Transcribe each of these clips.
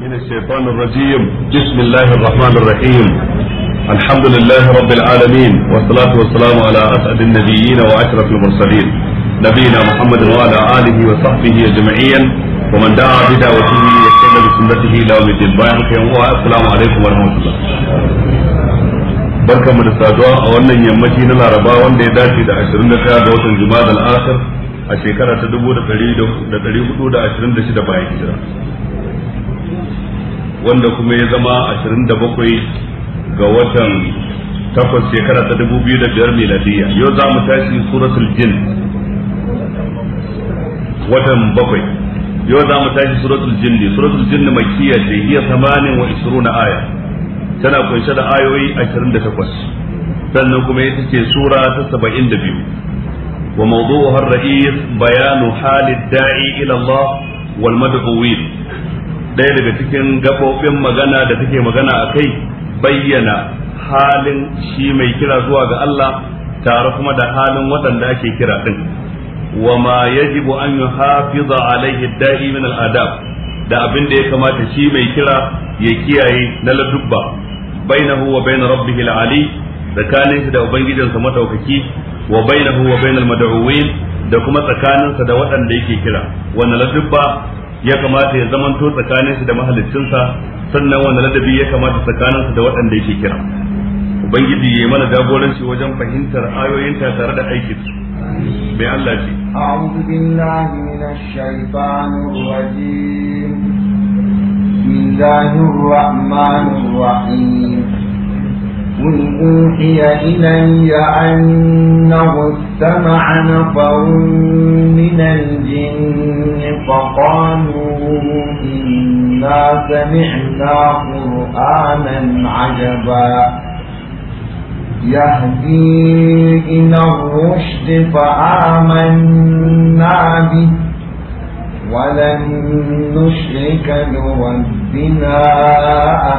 من الشيطان الرجيم بسم الله الرحمن الرحيم الحمد لله رب العالمين والصلاة والسلام على أسعد النبيين وأشرف المرسلين نبينا محمد وعلى آله وصحبه أجمعين ومن دعا بدعوته واستنى بسنته إلى يوم الدين السلام عليكم ورحمة الله barkan mu da saduwa a wannan yammaci na laraba wanda ya dace da 21 ga watan juma'a al-akhir a shekara ta 1426 bayan hijira wanda kuma ya zama 27 ga watan takwas shekara ta dubu biyu da 2005 miladiyya yau za mu tashi suratul jin watan bakwai yau za mu tashi suratul jin suratul jin makkiya wa isuru na aya tana kunshe da ayoyi 28 sannan kuma ita ce sura ta 72 وموضوعها الرئيس بيان حال الداعي إلى الله والمدعوين ɗaya daga cikin gaɓoɓin magana da take magana a kai bayyana halin shi mai kira zuwa ga Allah tare kuma da halin waɗanda ake kira ɗin wa ma yajibu an yuhafiza alaihi da'i min al'adab da abin da ya kamata shi mai kira ya kiyaye na ladubba bainahu wa bain rabbih al'ali tsakanin shi da ubangijinsa madaukaki wa bainahu wa bain al-mad'uwin da kuma tsakaninsa da waɗanda yake kira wannan ladubba ya kamata ya zamanto tsakanin su da mahaliccinsa sannan wanda ladabi ya kamata tsakanin su da waɗanda yake kira ubangiji ya mana jagoranci wajen fahimtar ayoyin ta tare da aikin su mai Allah ce a'udhu billahi minash shaitanir rajim bismillahir rahmanir rahim قل أوحي إلي أنه استمع نفر من الجن فقالوا إنا سمعنا قرآنا عجبا يهدي إلى الرشد فآمنا به ولن نشرك بربنا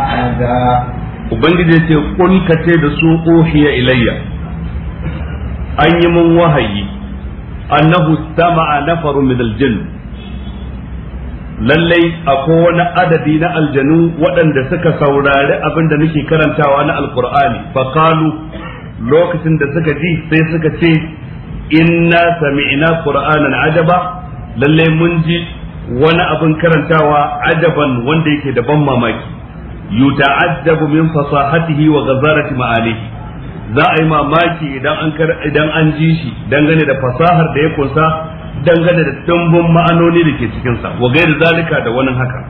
أحدا ubangiji ce kun da su ohiya ilayya an yi mun wahayi annahu sama'a nafaru min aljin. lallai akwai wani adadi na aljanu waɗanda suka saurari abin da nake karantawa na alkur'ani faqalu lokacin da suka ji sai suka ce inna sami'na qur'anan ajaba lallai mun ji wani abin karantawa ajaban wanda yake da ban mamaki yuta'addabu min fasahatihi wa gazarati ma'alihi za a yi mamaki idan an idan ji shi dangane da fasahar da ya kunsa dangane da dimbin ma'anoni da ke cikin sa wa gairi zalika da wani haka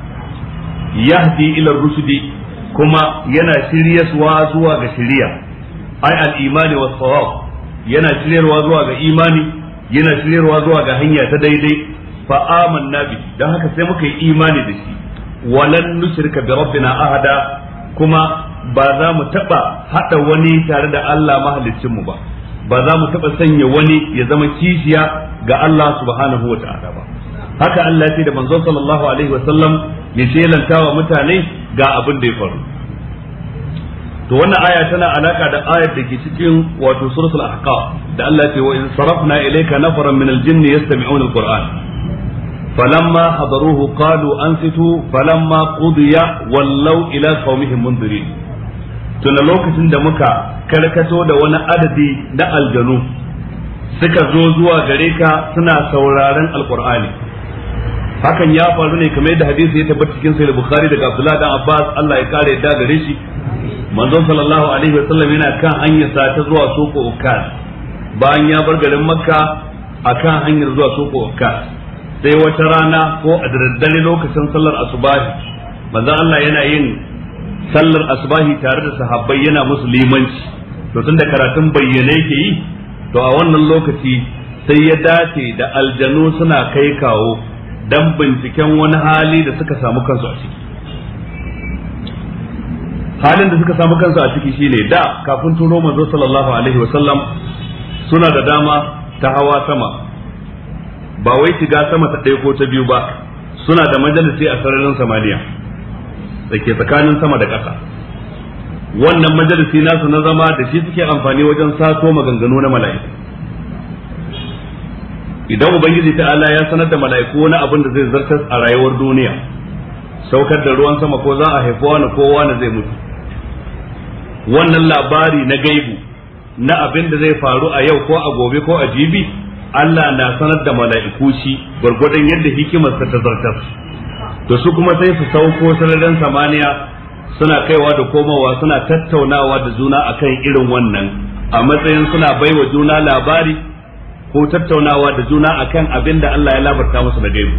yahdi ila rusudi kuma yana shiryarwa zuwa ga shiriya ai al-imani was sawab yana shiryarwa zuwa ga imani yana shiryarwa zuwa ga hanya ta daidai fa amanna bi haka sai muka yi imani da shi walan nushrika bi rabbina ahada kuma ba za mu taba haɗa wani tare da Allah mahaliccinmu ba ba za mu taba sanya wani ya zama kishiya ga Allah subhanahu wa ta'ala haka Allah ya ce da manzon sallallahu alaihi wa sallam ya shelanta wa mutane ga abin da ya faru to wannan aya tana alaka da ayar da ke cikin wato suratul ahqaf da Allah ya ce wa in sarafna ilayka na min al-jinni yastami'una al-qur'an فلما حضروه قالوا أنصتوا فلما قضي ولوا إلى قومهم منذرين tuna lokacin da muka karkato da wani adadi na aljanu suka zo zuwa gare ka suna sauraron alkur'ani hakan ya faru ne kamar yadda hadisi ya tabbata cikin sahih bukhari daga abdullahi dan abbas Allah ya kare da gare shi manzo sallallahu alaihi wasallam yana kan hanyar sa ta zuwa soko ukkas bayan ya bar garin makka akan hanyar zuwa soko ukkas sai wata rana ko a daddare lokacin sallar asubahi manzo Allah yana yin sallar asubahi tare da sahabbai yana musu limanci to tunda karatun bayyane ke yi to a wannan lokaci sai ya dace da aljanu suna kai kawo dan binciken wani hali da suka samu kansu a ciki halin da suka samu kansu a ciki shine da kafin turo manzo sallallahu alaihi wasallam suna da dama ta hawa sama ba wai shiga sama ta ɗaya ko ta biyu ba suna da majalisi a sararin samaniya da ke tsakanin sama da ƙasa wannan majalisi nasu na zama da shi suke amfani wajen sato maganganu na mala'iku idan ubangiji ta'ala ya sanar da mala'iku wani abin da zai zartar a rayuwar duniya saukar da ruwan sama ko za a haifi wani ko wani zai mutu wannan labari na gaibu na abin da zai faru a yau ko a gobe ko a jibi Allah na sanar da mala'iku shi gwargwadon yadda hikimarsa ta zartar to su kuma sai su sauko sararin samaniya suna kaiwa da komowa suna tattaunawa da juna akan irin wannan a matsayin suna baiwa juna labari ko tattaunawa da juna akan abin da Allah ya labarta musu da gaibu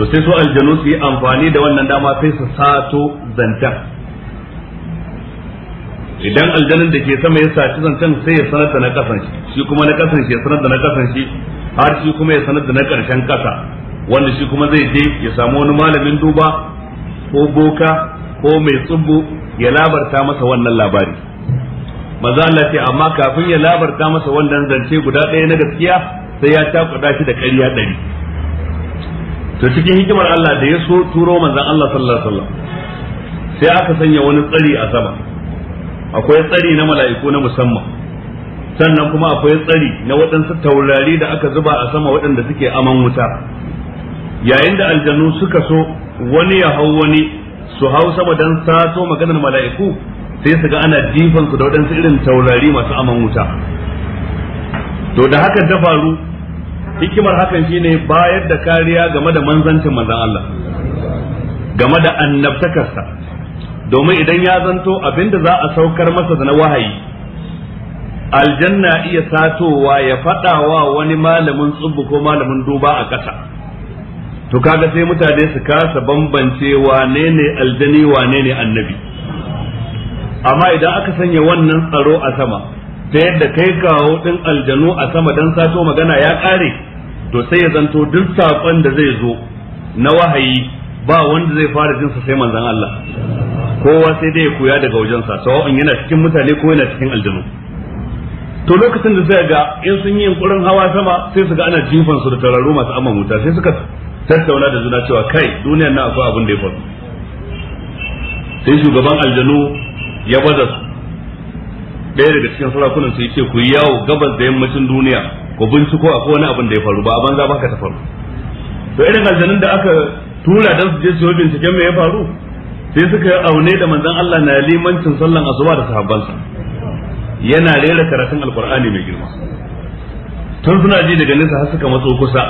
to sai su aljanu su yi amfani da wannan dama sai su sato zantar. idan aljanin da ke sama ya saci zancen sai ya sanar da na kasan shi shi kuma na kasan shi ya sanar da na kasan shi har shi kuma ya sanar da na karshen kasa wanda shi kuma zai je ya samu wani malamin duba ko boka ko mai tsubbu ya labarta masa wannan labari maza Allah ce amma kafin ya labarta masa wannan zance guda ɗaya na gaskiya sai ya cakuɗa shi da ƙarya ɗari to cikin hikimar Allah da ya so turo manzon Allah sallallahu alaihi wasallam sai aka sanya wani tsari a sama akwai tsari na mala'iku na musamman sannan kuma akwai tsari na waɗansu taurari da aka zuba a sama waɗanda suke aman wuta yayin da aljanu suka so wani ya hau wani su hau sama don sato maganar mala'iku sai su ga ana jifan su da waɗansu irin taurari masu aman wuta to da haka ta faru hikimar hakan shine bayar da kariya game da manzancin manzan Allah game da annabtakarsa domin idan ya zanto abinda za a saukar masa da na wahayi aljanna iya satowa ya wa wani malamin tsubbu ko malamin duba a ƙasa to kaga sai mutane su kasa bambance wane ne aljani wane ne annabi amma idan aka sanya wannan tsaro a sama ta yadda kai kawo ɗin aljanu a sama don sato magana ya ƙare to sai ya zanto duk saƙon da zai zo na wahayi ba wanda zai fara jinsa sai manzan Allah kowa sai dai ya koya daga wajensa sawa'un yana cikin mutane ko yana cikin aljanu to lokacin da zai ga in sun yi yunkurin hawa sama sai su ga ana jifan su da tararru masu amma wuta sai suka tattauna da juna cewa kai duniyar na akwai abin da ya faru sai shugaban aljanu ya baza su ɗaya daga cikin sarakunan su ce ku yi yawo gabas da yammacin duniya ku binciko akwai wani abin da ya faru ba a banza ba ka ta to irin aljanun da aka tura dan su je su binciken me ya faru sai suka yi aune da manzon Allah na limancin sallan asuba da sahabbansa yana rera karatun alqur'ani mai girma tun suna ji daga nesa har suka matso kusa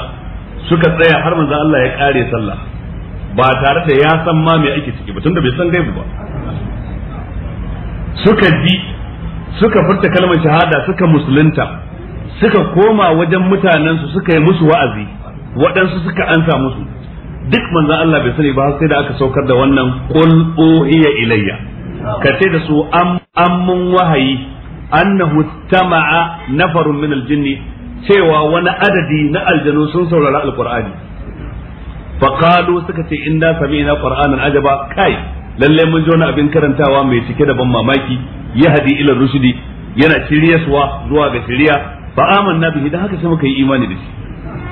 suka tsaya har manzon Allah ya kare sallah ba tare da ya san ma me ake ciki ba tunda bai san gaibu ba suka ji suka furta kalmar shahada suka musulunta suka koma wajen mutanensu suka yi musu wa'azi waɗansu suka ansa musu duk manzan Allah bai sani ba sai da aka saukar da wannan qul uhiya ilayya ka ce da su an ammun wahayi annahu tama'a nafarun min aljinni cewa wani adadi na aljanu sun saurari alqur'ani faqalu suka ce inda sami'na qur'anan ajaba kai lalle mun ji wani abin karantawa mai cike da ban mamaki yahdi ila rushdi yana shiryaswa zuwa ga shiriya fa amanna bihi dan haka sai muka yi imani da shi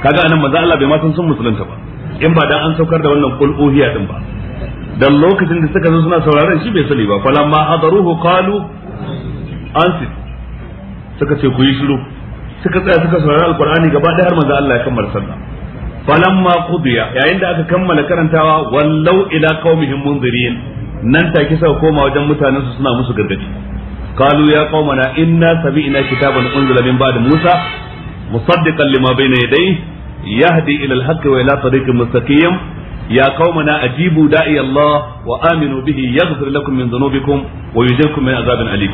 kaga anan manzo Allah bai ma san musulunta ba in ba dan an saukar da wannan kul uhiya din ba dan lokacin da suka zo suna sauraron shi bai sani ba falamma hadaruhu qalu ansit suka ce ku yi shiru suka tsaya suka saurari alqur'ani gaba da har manzo Allah ya kammala sallah falamma qudiya yayin da aka kammala karantawa wallau ila qaumihim munzirin nan take suka koma wajen mutanen su suna musu gargadi قالوا يا قومنا إنا سمعنا كتابا أنزل من بعد موسى مصدقا لما بين يديه yahdi ila al-haqqi wa ila tariqin mustaqim يا قومنا أجيبوا داعي الله وآمنوا به يغفر لكم من ذنوبكم ويجركم من عذاب أليم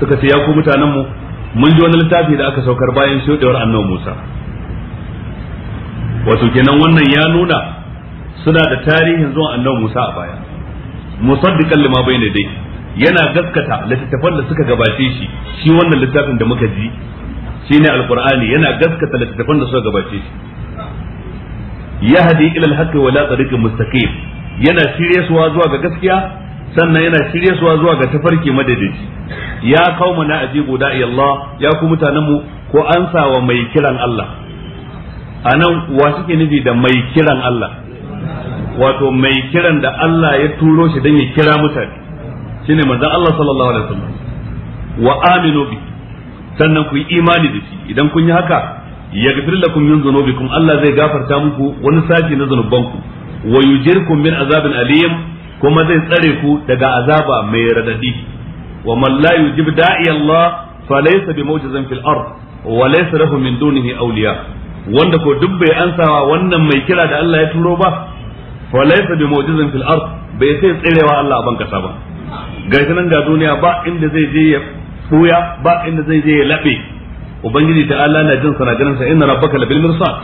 suka ce ya ku mutanenmu mun ji wani littafi da aka saukar bayan shuɗewar annabi Musa wato kenan wannan ya nuna suna da tarihin zuwan annabi Musa a baya dai yana gaskata littattafan da suka gabace shi shi wannan littafin da muka ji shine alqur'ani yana gaskata littattafan da suka gabace shi yahdi ila alhaqqi wa la tariqin mustaqim yana shirye suwa zuwa ga gaskiya sannan yana shirye suwa zuwa ga tafarki madadici ya kauma na ajibu da Allah ya ku mutanen mu ko ansa wa mai kiran Allah anan wa suke nufi da mai kiran Allah wato mai kiran da Allah ya turo shi don ya kira mutane shine manzon Allah sallallahu alaihi wasallam wa aminu bihi sannan ku yi imani da shi idan kun yi haka yaghfir lakum min dhunubikum Allah zai gafarta muku wani sashi na zanubanku wa yujirkum min azabin alim kuma zai tsare ku daga azaba mai radadi wa man la yujib da'i Allah falaysa bimujizin fil ard wa laysa lahu min dunihi awliya wanda ko duk bai ansawa wannan mai kira da Allah ya turo ba falaysa bimujizin fil ard bai sai tsarewa Allah a ban kasa ba gashi nan ga duniya ba inda zai je ya buya ba inda zai je ya labe ubangiji ta Allah na jin sana ganin sa inna rabbaka labil mirsad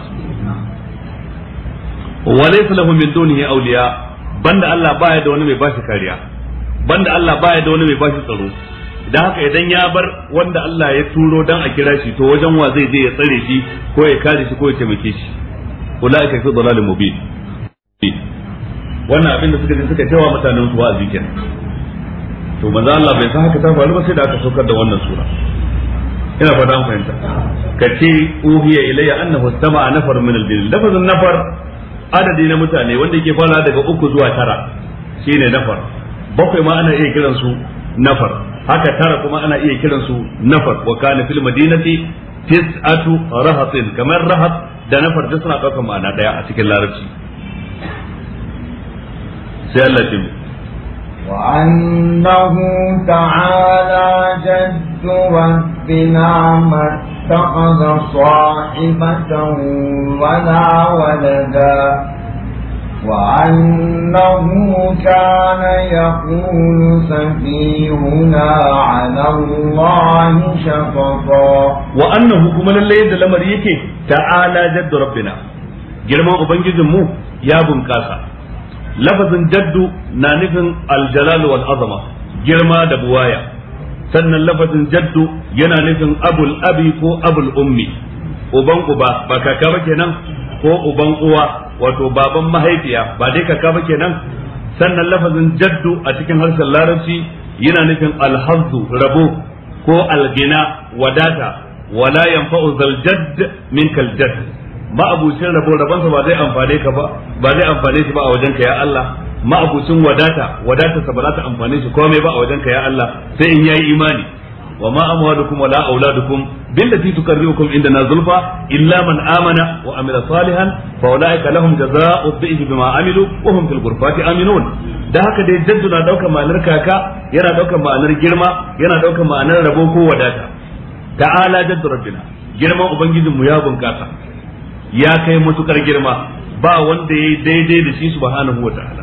wa laysa lahum min dunihi awliya banda Allah baya da wani mai bashi kariya banda Allah baya da wani mai bashi tsaro dan haka idan ya bar wanda Allah ya turo dan a kira shi to wajen wa zai je ya tsare shi ko ya kare shi ko ya taimake shi ulaika fi dhalalin mubin wannan abin da suka ji suka cewa mutanen su wa'azi kenan to manzo Allah bai san haka ta faru ba sai da aka saukar da wannan sura ina fata an fahimta ka ce uhiya ilayya annahu sama'a nafar min al-jinn lafazin nafar adadi na mutane wanda yake fara daga uku zuwa tara shine nafar bakwai ma ana iya kiran su nafar haka tara kuma ana iya kiran su nafar wa kana fil madinati tis'atu rahatin kamar rahat da nafar duk suna ɗaukar ma'ana daya a cikin larabci sai Allah ya وأنه تعالى جد ربنا ما اتخذ صاحبة ولا ولدا وأنه كان يقول سفيهنا على الله شططا وأنه كما لله لمريك تعالى جد ربنا girman ubangijinmu ya bunƙasa lafazin jaddu na nufin aljalal wal azama girma da buwaya sannan lafazin jaddu yana nufin abul abi ko abul ummi uban uba ba kaka ba kenan ko uban uwa wato baban mahaifiya ba dai kaka ba kenan sannan lafazin jaddu a cikin harshen larabci yana nufin alhazu rabo ko algina wadata wala yanfa'u zal jadd min kal jadd ma'abucin rabo rabonsa ba zai amfane ka ba ba zai amfane shi ba a wajenka ya Allah ma'abucin wadata wadata sa ba za ta amfane shi komai ba a wajenka ya Allah sai in yayi imani wa ma amwalukum wala auladukum billati tuqarribukum indana zulfa illa man amana wa amila salihan fa ulaika lahum jazaa'u dhi'fi bima amilu wa hum fil ghurfati aminun da haka dai jaddu na daukar ma'anar kaka yana daukar ma'anar girma yana daukar ma'anar rabo ko wadata ta'ala jaddu rabbina girman ubangijinmu ya bunkasa ya kai matukar girma ba wanda ya yi daidai da shi subhanahu ta'ala.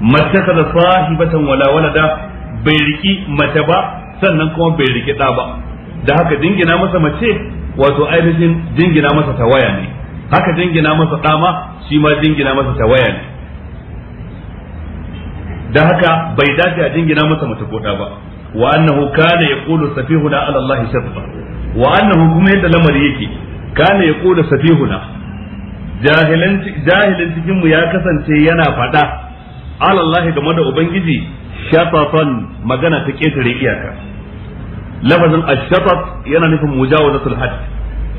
mattaka da sahibatan wala walada bai riki mace ba sannan kuma bai riki da ba da haka dingina masa mace wato ainihin dingina masa tawaya ne haka dingina masa dama shi ma dingina masa tawaya ne da haka bai dace a dingina masa mace ko da ba wa annahu kana yaqulu safihuna ala allahi sharra wa annahu kuma yadda lamari yake kana ya kula safihuna jahilin cikin mu ya kasance yana faɗa alallahi game da ubangiji shafafan magana ta ketare iyaka lafazin ashafaf yana nufin mujawazatul hadd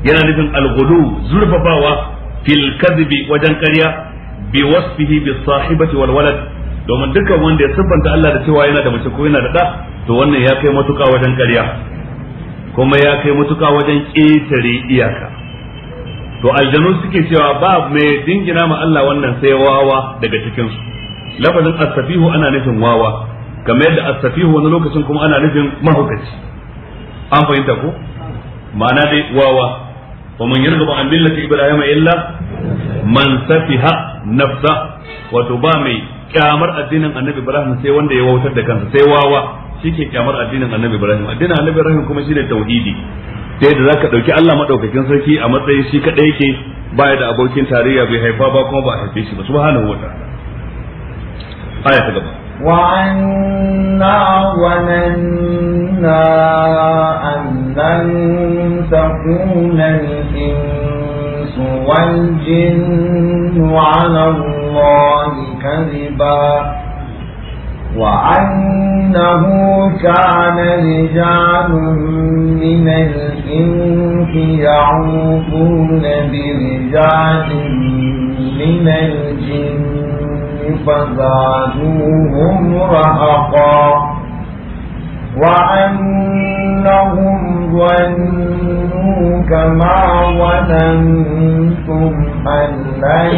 yana nufin alghudu zurfafawa fil kadhibi wajen ƙarya bi wasfihi bi sahibati wal walad domin dukkan wanda ya siffanta Allah da cewa yana da mace ko yana da da, to wannan ya kai matuƙa wajen ƙarya kuma ya kai matuƙa wajen ƙetare iyaka to aljanu suke cewa ba mai dingina ma Allah wannan sai wawa daga cikin su lafazin asafihu ana nufin wawa kamar yadda asafihu wani lokacin kuma ana nufin mahaukaci an fahimta ko ma'ana dai wawa wa man yarghabu an millati ibrahima illa man safiha nafsa wato ba mai kyamar addinin annabi ibrahim sai wanda ya wautar da kansa sai wawa shike kyamar addinin annabi ibrahim addinin annabi ibrahim kuma shine tauhidi ta yadda ka ɗauki Allah maɗaukakin sarki a matsayin shi kaɗai yake baya da abokin tarayya bai haifa ba kuma ba a haife shi ba su hana ta'ala aya ta gaba kariba. وأنه كان رجال من الإنس يعوفون برجال من الجن فزادوهم رهقا وأنهم ظنوا كما ظننتم أن لن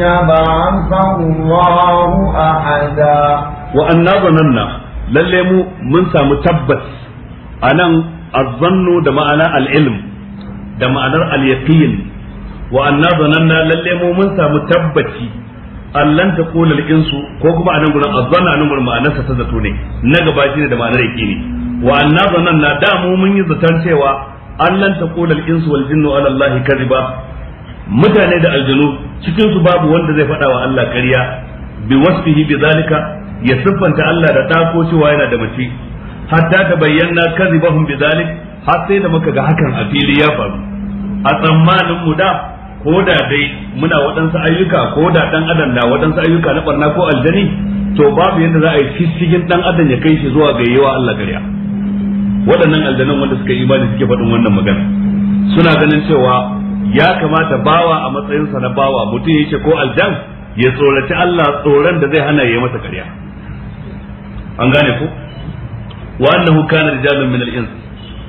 يبعث الله أحدا wa anna zananna lalle mu mun samu tabbas anan azzannu da ma'ana al-ilm da ma'anar al-yaqin wa anna zananna lalle mu mun samu tabbaci allan ta kula insu ko kuma anan gurin azzanna anan gurin sa ta zato ne na gaba shine da ma'anar yaqini wa anna zananna da mu mun yi zaton cewa allan ta kula insu wal jinnu ala allahi kadiba mutane da aljanu cikin su babu wanda zai faɗa wa Allah kariya bi wasfihi bi zalika ya siffanta Allah da ɗa ko cewa yana da mace hatta ta bayyana kadhibahum bidhalik har sai da muka ga hakan a fili ya faru a tsammanin mu da ko da dai muna waɗansu ayyuka ko da ɗan adam na waɗansu ayyuka na barna ko aljani to babu yadda za a yi cikin ɗan adam ya kai shi zuwa ga yawa Allah gariya waɗannan aljanan wanda suka yi imani suke faɗin wannan magana suna ganin cewa ya kamata bawa a matsayinsa na bawa mutum ya ce ko aljan ya tsoraci Allah tsoron da zai hana ya yi masa ƙarya an gane ko wa annahu kana rijalun min al-ins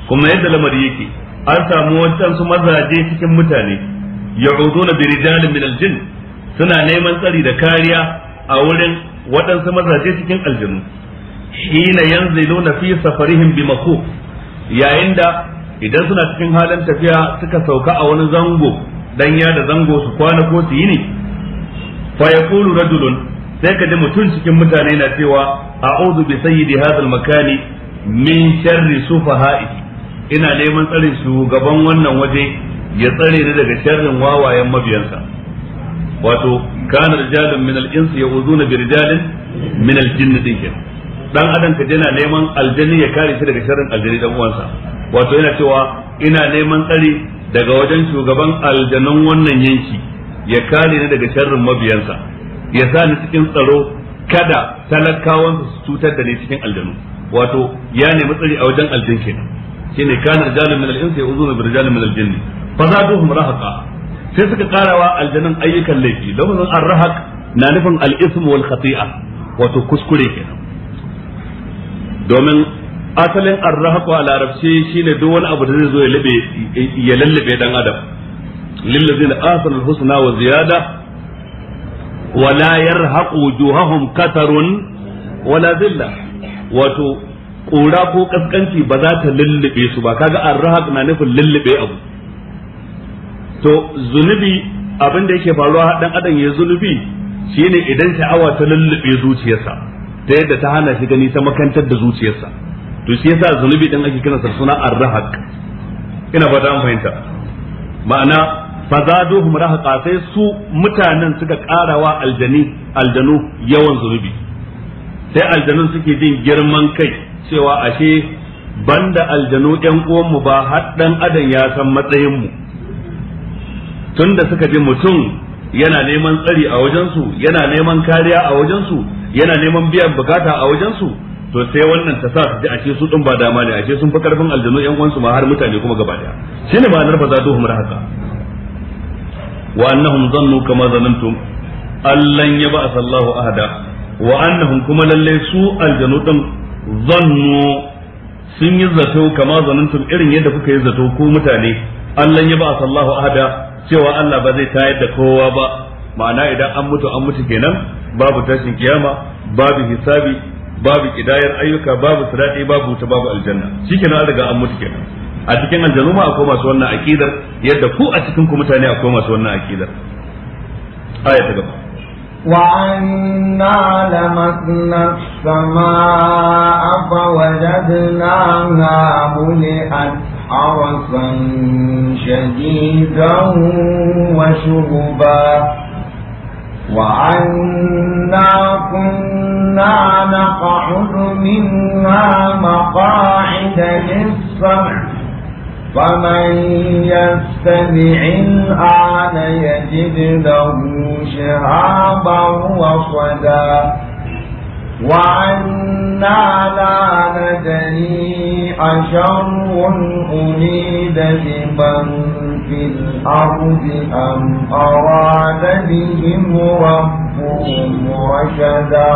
kuma yadda lamari yake an samu wancan su mazaje cikin mutane ya'uduna bi rijalin min al-jinn suna neman tsari da kariya a wurin waɗansu mazaje cikin aljinu hina yanziluna fi safarihim bi makuf yayin da idan suna cikin halin tafiya suka sauka a wani zango dan ya da zango su kwana ko su yi ne fa yaqulu rajulun sai ka ji mutum cikin mutane na cewa a'udhu bi sayyidi hadha makani min sharri sufaha'i ina neman tsarin shugaban wannan waje ya tsare ni daga sharrin wawayen mabiyansa wato kana rijalun min al-insi ya'uduna bi rijalin min al-jinni dinkin dan adam ka yana neman aljanni ya kare shi daga sharrin aljanni dan uwansa wato yana cewa ina neman tsari daga wajen shugaban aljanun wannan yanki ya kare ni daga sharrin mabiyansa ya sa ni cikin tsaro kada talakawansa su cutar da ni cikin aljanu wato ya nemi tsari a wajen aljin kenan shine kana rijalun min al-insi ya'uduna bi rijalin min al-jinni fa zaduhum rahaqa sai suka karawa aljanun ayyukan laifi lafazin ar-rahaq na nufin al-ism wal khati'a wato kuskure kenan domin asalin ar-rahaq a larabci shine duk wani abu da zai zo ya lalle ya lallabe dan adam lillazina ahsanu al-husna wa ziyada Walayar yarhaqu wujuhahum katarun wala wato ƙura ko kaskanci ba za ta lullube su ba kaga arhaq na nufin lullube abu to zunubi abin da yake faruwa dan adam ya zunubi shine idan sha'awa ta lullube zuciyarsa ta yadda ta hana shi gani ta makantar da zuciyarsa to shi yasa zunubi din ake kiransa suna arhaq ina fata an fahimta ma'ana fazaduhum rahqa sai su mutanen suka karawa aljani aljanu yawan zunubi sai aljanun suke jin girman kai cewa ashe banda aljanu ɗan uwanmu ba har dan adam ya san matsayin mu tunda suka ji mutum yana neman tsari a wajensu yana neman kariya a wajensu yana neman biyan bukata a wajensu to sai wannan ta sa su ji ashe su din ba dama ne ashe sun fi karfin aljanu yan su ma har mutane kuma gaba daya shine ma'anar fa za rahqa wa annahum zannu kama allan yaba ba'atha ahada wa annahum kuma lalle su aljanu din sun yi zato kama zanantum irin yadda kuka yi zato ko mutane allan ya Sallahu Allahu ahada cewa Allah ba zai tayar da kowa ba ma'ana idan an mutu an mutu kenan babu tashin kiyama babu hisabi babu kidayar ayyuka babu sirati babu ta babu aljanna shikenan an riga an mutu kenan a cikin aljanu ma akwai masu wannan akidar yadda ku a cikin ku mutane akwai masu wannan akidar aya ta gaba وأنا لمسنا السماء فوجدناها ملئت حرسا شديدا وشربا وأنا كنا نقعد منها مقاعد للسمع فمن يستمع الآن يجد له شهابا وصدا وأنا لا ندري أشر أريد بمن في الأرض أم أراد بهم ربهم رشدا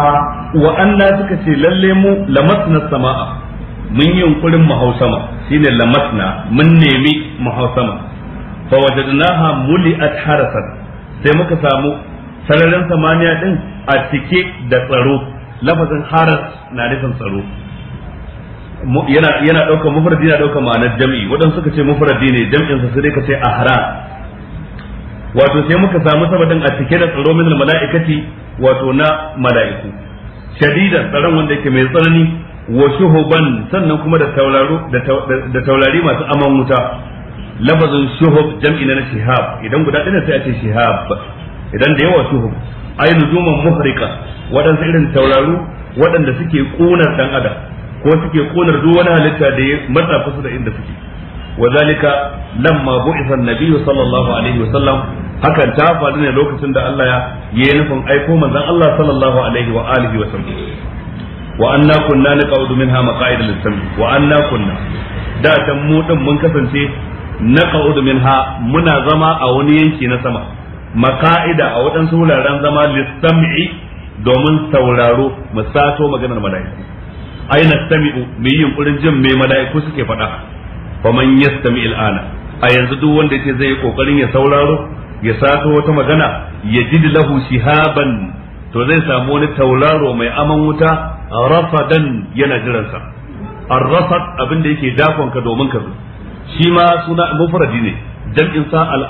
وأنا تكسي للم لمسنا السماء mun yi yunkurin mahausama shi ne shine lamasna mun nemi mahausama hau sama fa wajadnaha muli'at harasan sai muka samu sararin samaniya din a cike da tsaro lafazin haras na nufin tsaro yana yana daukar mufradi yana daukar ma'anar jam'i waɗansu suka ce mufradi ne jam'in sa sai ka ce ahra wato sai muka samu sabadin a cike da tsaro min mala'ikati wato na mala'iku shadidan tsaron wanda yake mai tsanani wa shuhuban sannan kuma da tauraro da taurari masu aman wuta lafazin shuhub jam'i na shihab idan guda ɗaya sai a ce shihab idan da yawa shuhub ai nuzuman muhrika waɗansu irin tauraro waɗanda suke ƙunar ɗan adam ko suke ƙunar duk wani halitta da ya matsa kusa da inda suke وذلك لما بعث النبي sallallahu alaihi wa sallam hakan ta faru ne lokacin da Allah ya yi nufin aiko manzon Allah sallallahu alaihi wa alihi wa sallam wa anna na naqaudu min ha lis-sam' wa anna kunna da dan mu din mun kasance min minha muna zama a wani yanki na sama maka'ida a waɗansu wuraren zama lis-sam'i domin sauraro mu sato maganar mala'iku ai nastami'u mu yi yunƙurin jin mai mala'iku suke faɗa fa man sami il'ana a yanzu duk wanda yake zai yi ƙoƙarin ya sauraro ya sato wata magana ya jidi lahu shihaban to zai samu wani tauraro mai aman wuta a rafadan yana jiransa a rafad abin da yake dakon ka domin ka shi ma suna mufradi ne jam'in sa al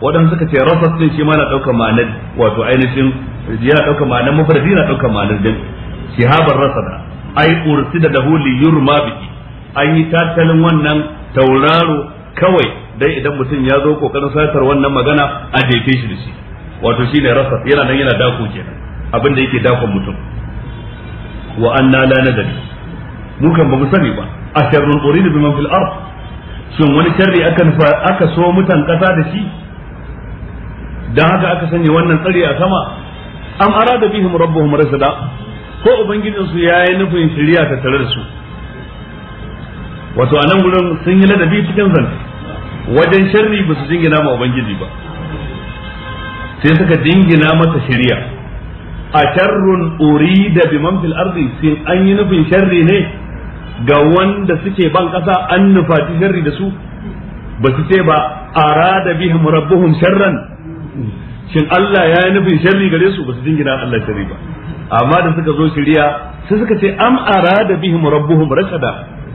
waɗanda suka ce rafad din shi ma na ɗauka ma'anar wato ainihin yana ɗauka ma'anar mufradi na daukar ma'anar din shihabar rasada ai da lahu li yurma biki an yi tattalin wannan tauraro kawai dai idan mutum ya zo kokarin satar wannan magana a jefe shi da shi wato shine rasa yana nan yana dako kenan abin da yake dakon mutum wa anna la nadari mu kan ba mu sani ba a sharrun urida biman fil ard shin wani sharri akan aka so mutan kasa da shi dan haka aka sanya wannan tsari a sama am arada bihim rabbuhum rasada ko ubangijin su yayi nufin shari'a ta tare da su wato anan gurin sun yi ladabi cikin zan wajen sharri ba su jingina ma ubangiji ba sai suka dingina masa shari'a a sharrun urida biman fil ardi sin an yi nufin sharri ne ga wanda suke ban kasa an nufati sharri da su ba su ce ba arada bihim rabbuhum sharran shin Allah ya yi nufin sharri gare su ba su dingina Allah sharri ba amma da suka zo shari'a sai suka ce am arada bihim rabbuhum rashada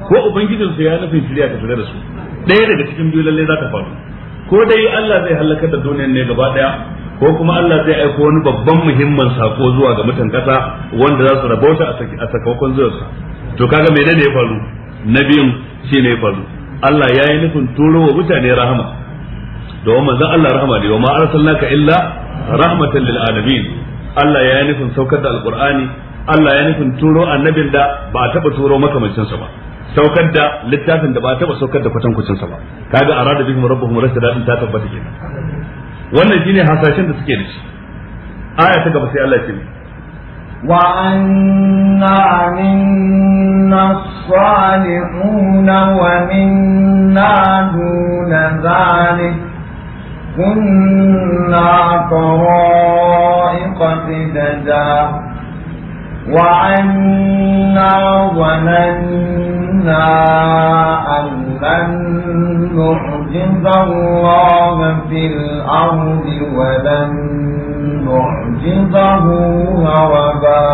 ko ubangijinsu ya nufin shari'a ta fita da su Daya daga cikin biyu lalle za ta faru ko dai Allah zai halakar da duniyar ne gaba daya ko kuma Allah zai aiko wani babban muhimman sako zuwa ga mutan kasa wanda za su rabauta a sakamakon zuwarsa to kaga ne ya faru nabiyin ne ya faru Allah ya yi nufin turo wa mutane rahama domin manzon Allah rahama ne wa ma arsalnaka illa rahmatan lil alamin Allah ya yi nufin saukar da alqur'ani Allah ya nufin turo annabin da ba a taba turo makamancin sa ba saukar da littafin da ba a taba saukar da kwatankwacin sa ba kaga arada bihim rabbuhum rasulatan ta tabbata kenan wannan shine hasashen da suke da shi aya ta gaba sai Allah ce أن نعجز الله في الأرض ولن نعجزه هربا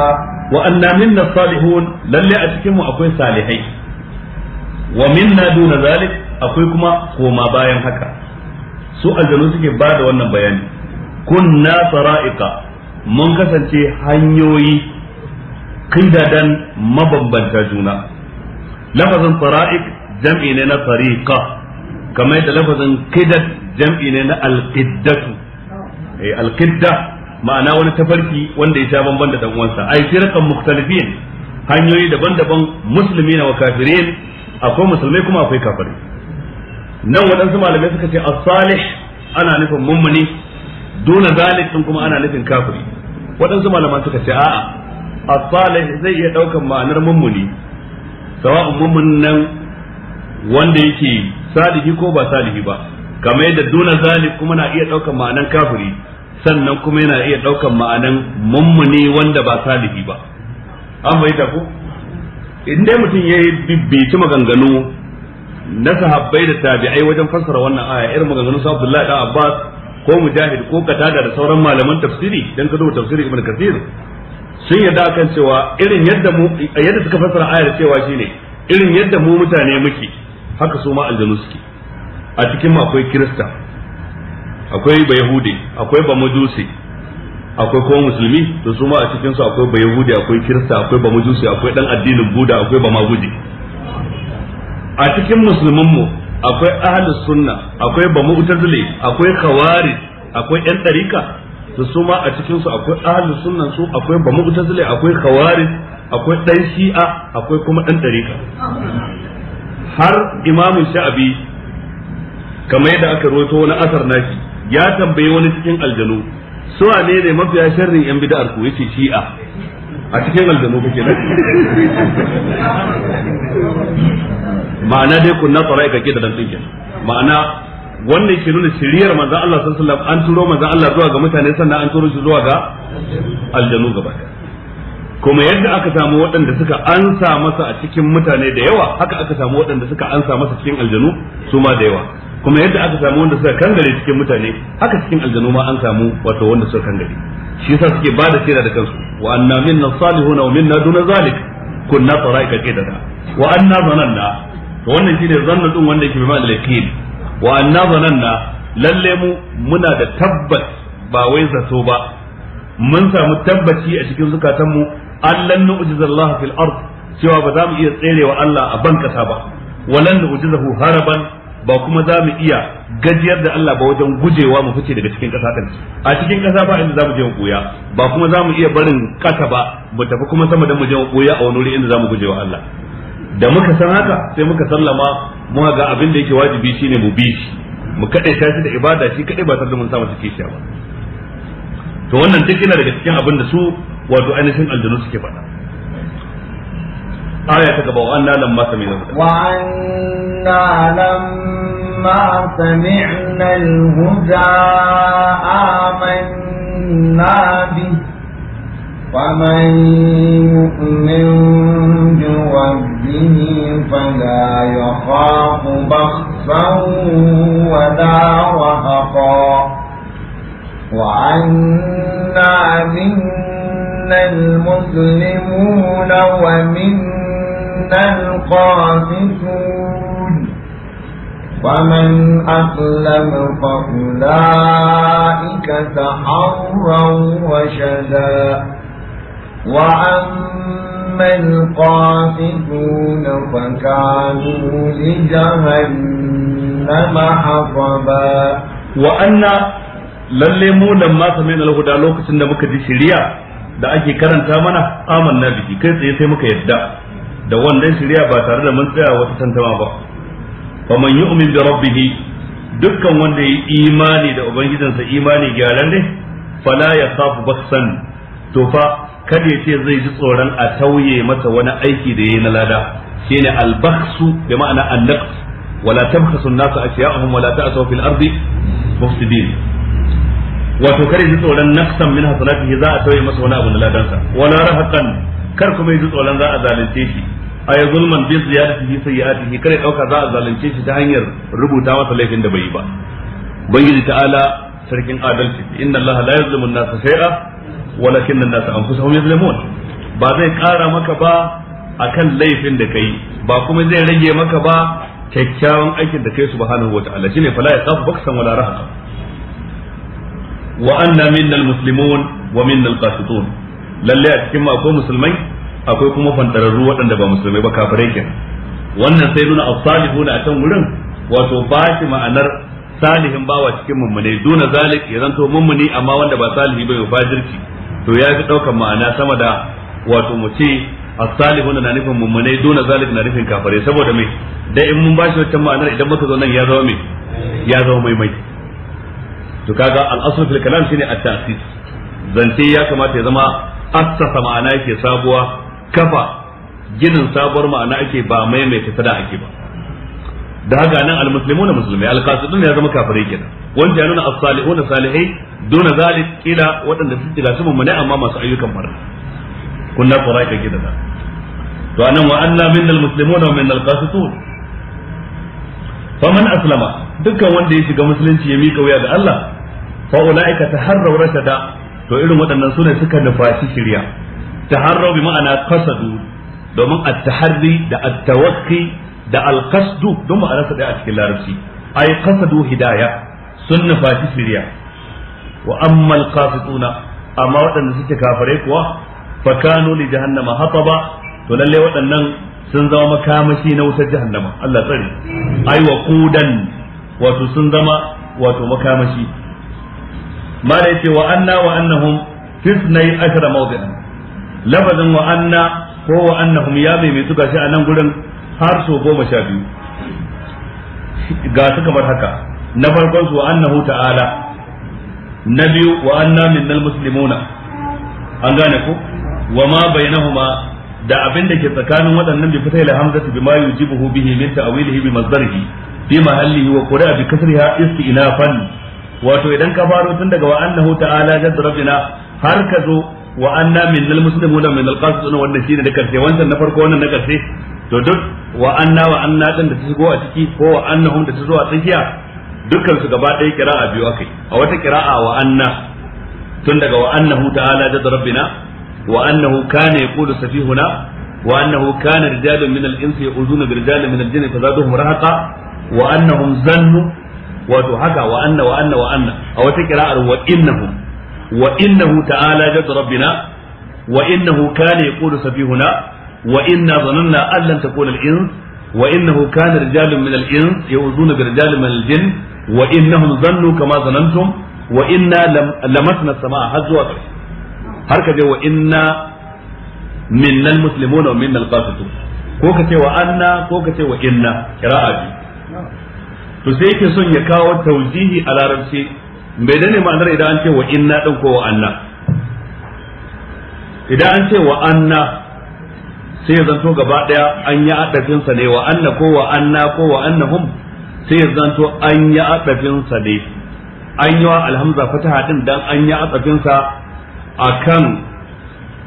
وأن منا الصالحون لن أتكم أكون صالحين ومنا دون ذلك akwai kuma koma bayan haka su aljanu suke ba da wannan bayani kunna sara'iqa mun kasance hanyoyi kindadan mabambanta juna lafazin sara'iq jam'i ne na tariqa kamar yadda lafazin qidat jam'i ne na alqiddatu eh alqidda ma'ana wani tafarki wanda ya sha bamban da dan uwansa ai firqan mukhtalifin hanyoyi daban-daban musulmi na wa kafirin akwai musulmai kuma akwai kafiri. nan waɗansu malamai suka ce as-salih ana nufin mummuni duna zalik din kuma ana nufin kafiri waɗansu malaman suka ce a'a as-salih zai iya ɗaukan ma'anar mummuni sawa'un mummunin wanda yake salihi ko ba salihi ba kama yadda duna zalik kuma na iya daukan ma'anan kafiri sannan kuma yana iya daukan ma'anan mummuni wanda ba salihi ba an bai ko in dai mutum ya yi bibbici maganganu na sahabbai da tabi'ai wajen fassara wannan aya irin maganganun sa Abdullahi da Abbas ko Mujahid ko Katada da sauran malaman tafsiri dan ka tafsiri Ibn Kathir sun yadda kan cewa irin yadda mu yadda suka fassara ayar cewa shine irin yadda mu mutane muke haka su ma aljanu suke a cikin ma akwai kirista akwai bayahude akwai bamajusi akwai kuma musulmi to su ma a cikin su akwai bayahude akwai kirista akwai bamajusi akwai dan addinin buda akwai bamaguji a cikin musulmin mu akwai ahli sunna akwai bamutazili akwai khawari akwai yan dariqa to su ma a cikin su akwai ahli sunna su akwai bamutazili akwai khawari akwai dan shi'a akwai kuma dan dariqa har imamu sha'abi kamar yadda aka rawaito wani asar nashi ya tambayi wani cikin aljanu su ne ne mafiya sharrin yan bid'ar ko yace shi'a a cikin aljanu kake nan ma'ana dai kunna tsara ka ke da dan ma'ana wannan ke nuna shiriyar manzon Allah sallallahu alaihi wasallam an turo manzon Allah zuwa ga mutane sannan an turo shi zuwa ga aljanu gaba kuma yadda aka samu waɗanda suka ansa masa a cikin mutane da yawa haka aka samu waɗanda suka ansa masa cikin aljanu su ma da yawa kuma yadda aka samu wanda suka kangare cikin mutane haka cikin aljanu ma an samu wato wanda suka kangare shi yasa suke ba da shira da kansu wa anna minna salihuna wa minna duna zalik kunna taraika qidada wa anna zananna to wannan shine zanna din wanda yake bi al yaqin wa anna zananna lalle mu muna da tabbas ba wai zato ba mun samu tabbaci a cikin zukatanmu allan nu'jizallaha fil ard cewa ba za mu iya tserewa Allah a ban kasa ba walan nu'jizahu haraban ba kuma za mu iya gajiyar da Allah ba wajen gujewa mu fice daga cikin kasa din a cikin kasa ba inda za mu je mu koya ba kuma za mu iya barin kasa ba mu tafi kuma sama da mu je mu buya a wani wuri inda za mu gujewa Allah da muka san haka sai muka sallama mu ga abin da yake wajibi shine mu bi shi mu kade ta shi da ibada shi kade ba tare da mun sa masa kishiya ba to wannan duk yana daga cikin abin da su wato ainihin aljanu suke faɗa aya ta gaba wa anna lamma sami'na wa anna lamma sami'na al-huda amanna bihi ومن يؤمن بربه فلا يخاف بخسا ولا رهقا وعنا منا المسلمون ومنا القاسطون فمن أسلم فأولئك سحرا رشدا وأما القاسطون فكانوا لجهنم حطبا وأن lalle mu lamma sami'na al-huda lokacin da muka ji shari'a da ake karanta mana amanna biki kai tsaye sai muka yadda da wannan shiriya ba tare da mun tsaya wata tantama ba fa man yu'min bi rabbih dukkan wanda ya imani da ubangijinsa imani gyaran ne fala ya khafu baksan to fa kada ya ce zai ji tsoron a tauye masa wani aiki da yayi na lada shine al-bakhsu bi ma'ana an-naqs wala tabkhasu an-nasa ashya'ahum wala ta'thaw fil ardi mufsidin wato kare ji tsoron naqsan min hasanatihi za a tauye masa wani abu na ladansa wala rahaqan kar kuma ji tsoron za a zalunce shi ay zulman bi ziyadatihi sayyiatihi kare dauka za a zalunce shi ta hanyar rubuta masa laifin da bai yi ba Bangiji ta'ala sarkin adalci inna allaha la yuzlimu an-nasa shay'a walakin an-nasa anfusahum yuzlimun ba zai kara maka ba akan laifin da kai ba kuma zai rage maka ba kyakkyawan aikin da kai subhanahu wata'ala shine fala ya kafu baksan wala rahaqan wa anna minnal muslimun wa minnal qasitun lalle a cikin mu akwai musulmai akwai kuma fantararru waɗanda ba musulmai ba kafirai kenan wannan sai nuna as-salihuna a can wurin wato ba shi ma'anar salihin bawa cikin mummune duna zalik ya zanto mummuni amma wanda ba salihi bai fajirci to ya fi ɗaukar ma'ana sama da wato mu ce as-salihuna na nufin mummune duna zalik na nufin kafirai saboda me da in mun ba shi wata ma'anar idan muka zo nan ya zama me ya zama mai mai to kaga al-asl fil kalam shine at-ta'sis zance ya kamata ya zama assasa ma'ana yake sabuwa kafa ginin sabuwar ma'ana ake ba maimaita da ake ba da haka nan al-muslimuna musulmai al-qasidun ya zama kafirai kenan wanda ya nuna as-salihuna salihai duna zalik ila waɗanda suke ga sun mun amma masu ayyukan barna kunna quraika gidan to anan wa anna minnal muslimuna wa minnal qasitun faman aslama dukkan wanda ya shiga musulunci ya miƙa wuya ga Allah fa ulaika taharraw rashada to irin waɗannan sune suka nufashi shirya taharraw bi ma'ana qasadu domin at-taharri da at-tawakki da al-qasdu don ma'ana sa a cikin larabci ay qasadu hidaya sun nufashi shirya wa amma al-qasituna amma waɗanda suke kafare kuwa fa kanu li jahannama hataba to lalle waɗannan sun zama makamashi na wutar jahannama Allah tsare ai wa qudan wato sun zama wato makamashi mara yace wa anna wa annahum tisnai ashara mawdi'an lafazin wa anna ko wa annahum ya mai mai suka shi a nan gurin har so goma sha biyu ga su kamar haka na farkon su wa annahu ta'ala na biyu wa anna minnal muslimuna an gane ko wa ma bainahuma da abin da ke tsakanin waɗannan bi fitaila hamzatu bima yujibuhu bihi min ta'wilihi bi masdarihi fi mahallihi wa qura bi kasriha istinafan wato idan ka faro tun daga wa annahu ta'ala jaddu rabbina har ka zo wa anna minnal muslimuna minnal qasituna wannan shine da karshe wannan na farko wannan na karshe to duk wa anna wa anna din da ta go a ciki ko wa annahum da ta zo a tsakiya dukkan su gaba ɗaya kira'a biyu akai a wata kira'a wa anna tun daga wa annahu ta'ala jaddu rabbina wa annahu kana yaqulu safihuna wa annahu kana rijalun minal insi ya'uduna bi rijalin minal jinni fazaduhum rahaqa wa annahum zannu wato haka wa anna wa anna wa anna a wata kira'ar wa innahu wa innahu ta'ala jaddu rabbina wa innahu kana yaqulu sabihuna wa inna dhananna an lan takuna al-ins wa innahu kana rijalun min al-ins yawzuna bi rijalin min al-jinn wa innahum dhannu kama dhanantum wa inna lamasna as-samaa har zuwa ƙarshe har ka je wa inna minnal muslimuna wa minnal qasitun ko ka ce wa anna ko ka ce wa inna kira'a biyu to sai yake son ya kawo tawjihi a larabci bai dane ma'anar idan an ce wa inna din ko wa anna idan an ce wa anna sai ya zanto gaba daya an yi addafin sa ne wa anna ko wa anna ko wa annahum sai ya zanto an yi addafin sa ne an yi wa alhamza fataha din dan an yi addafin sa akan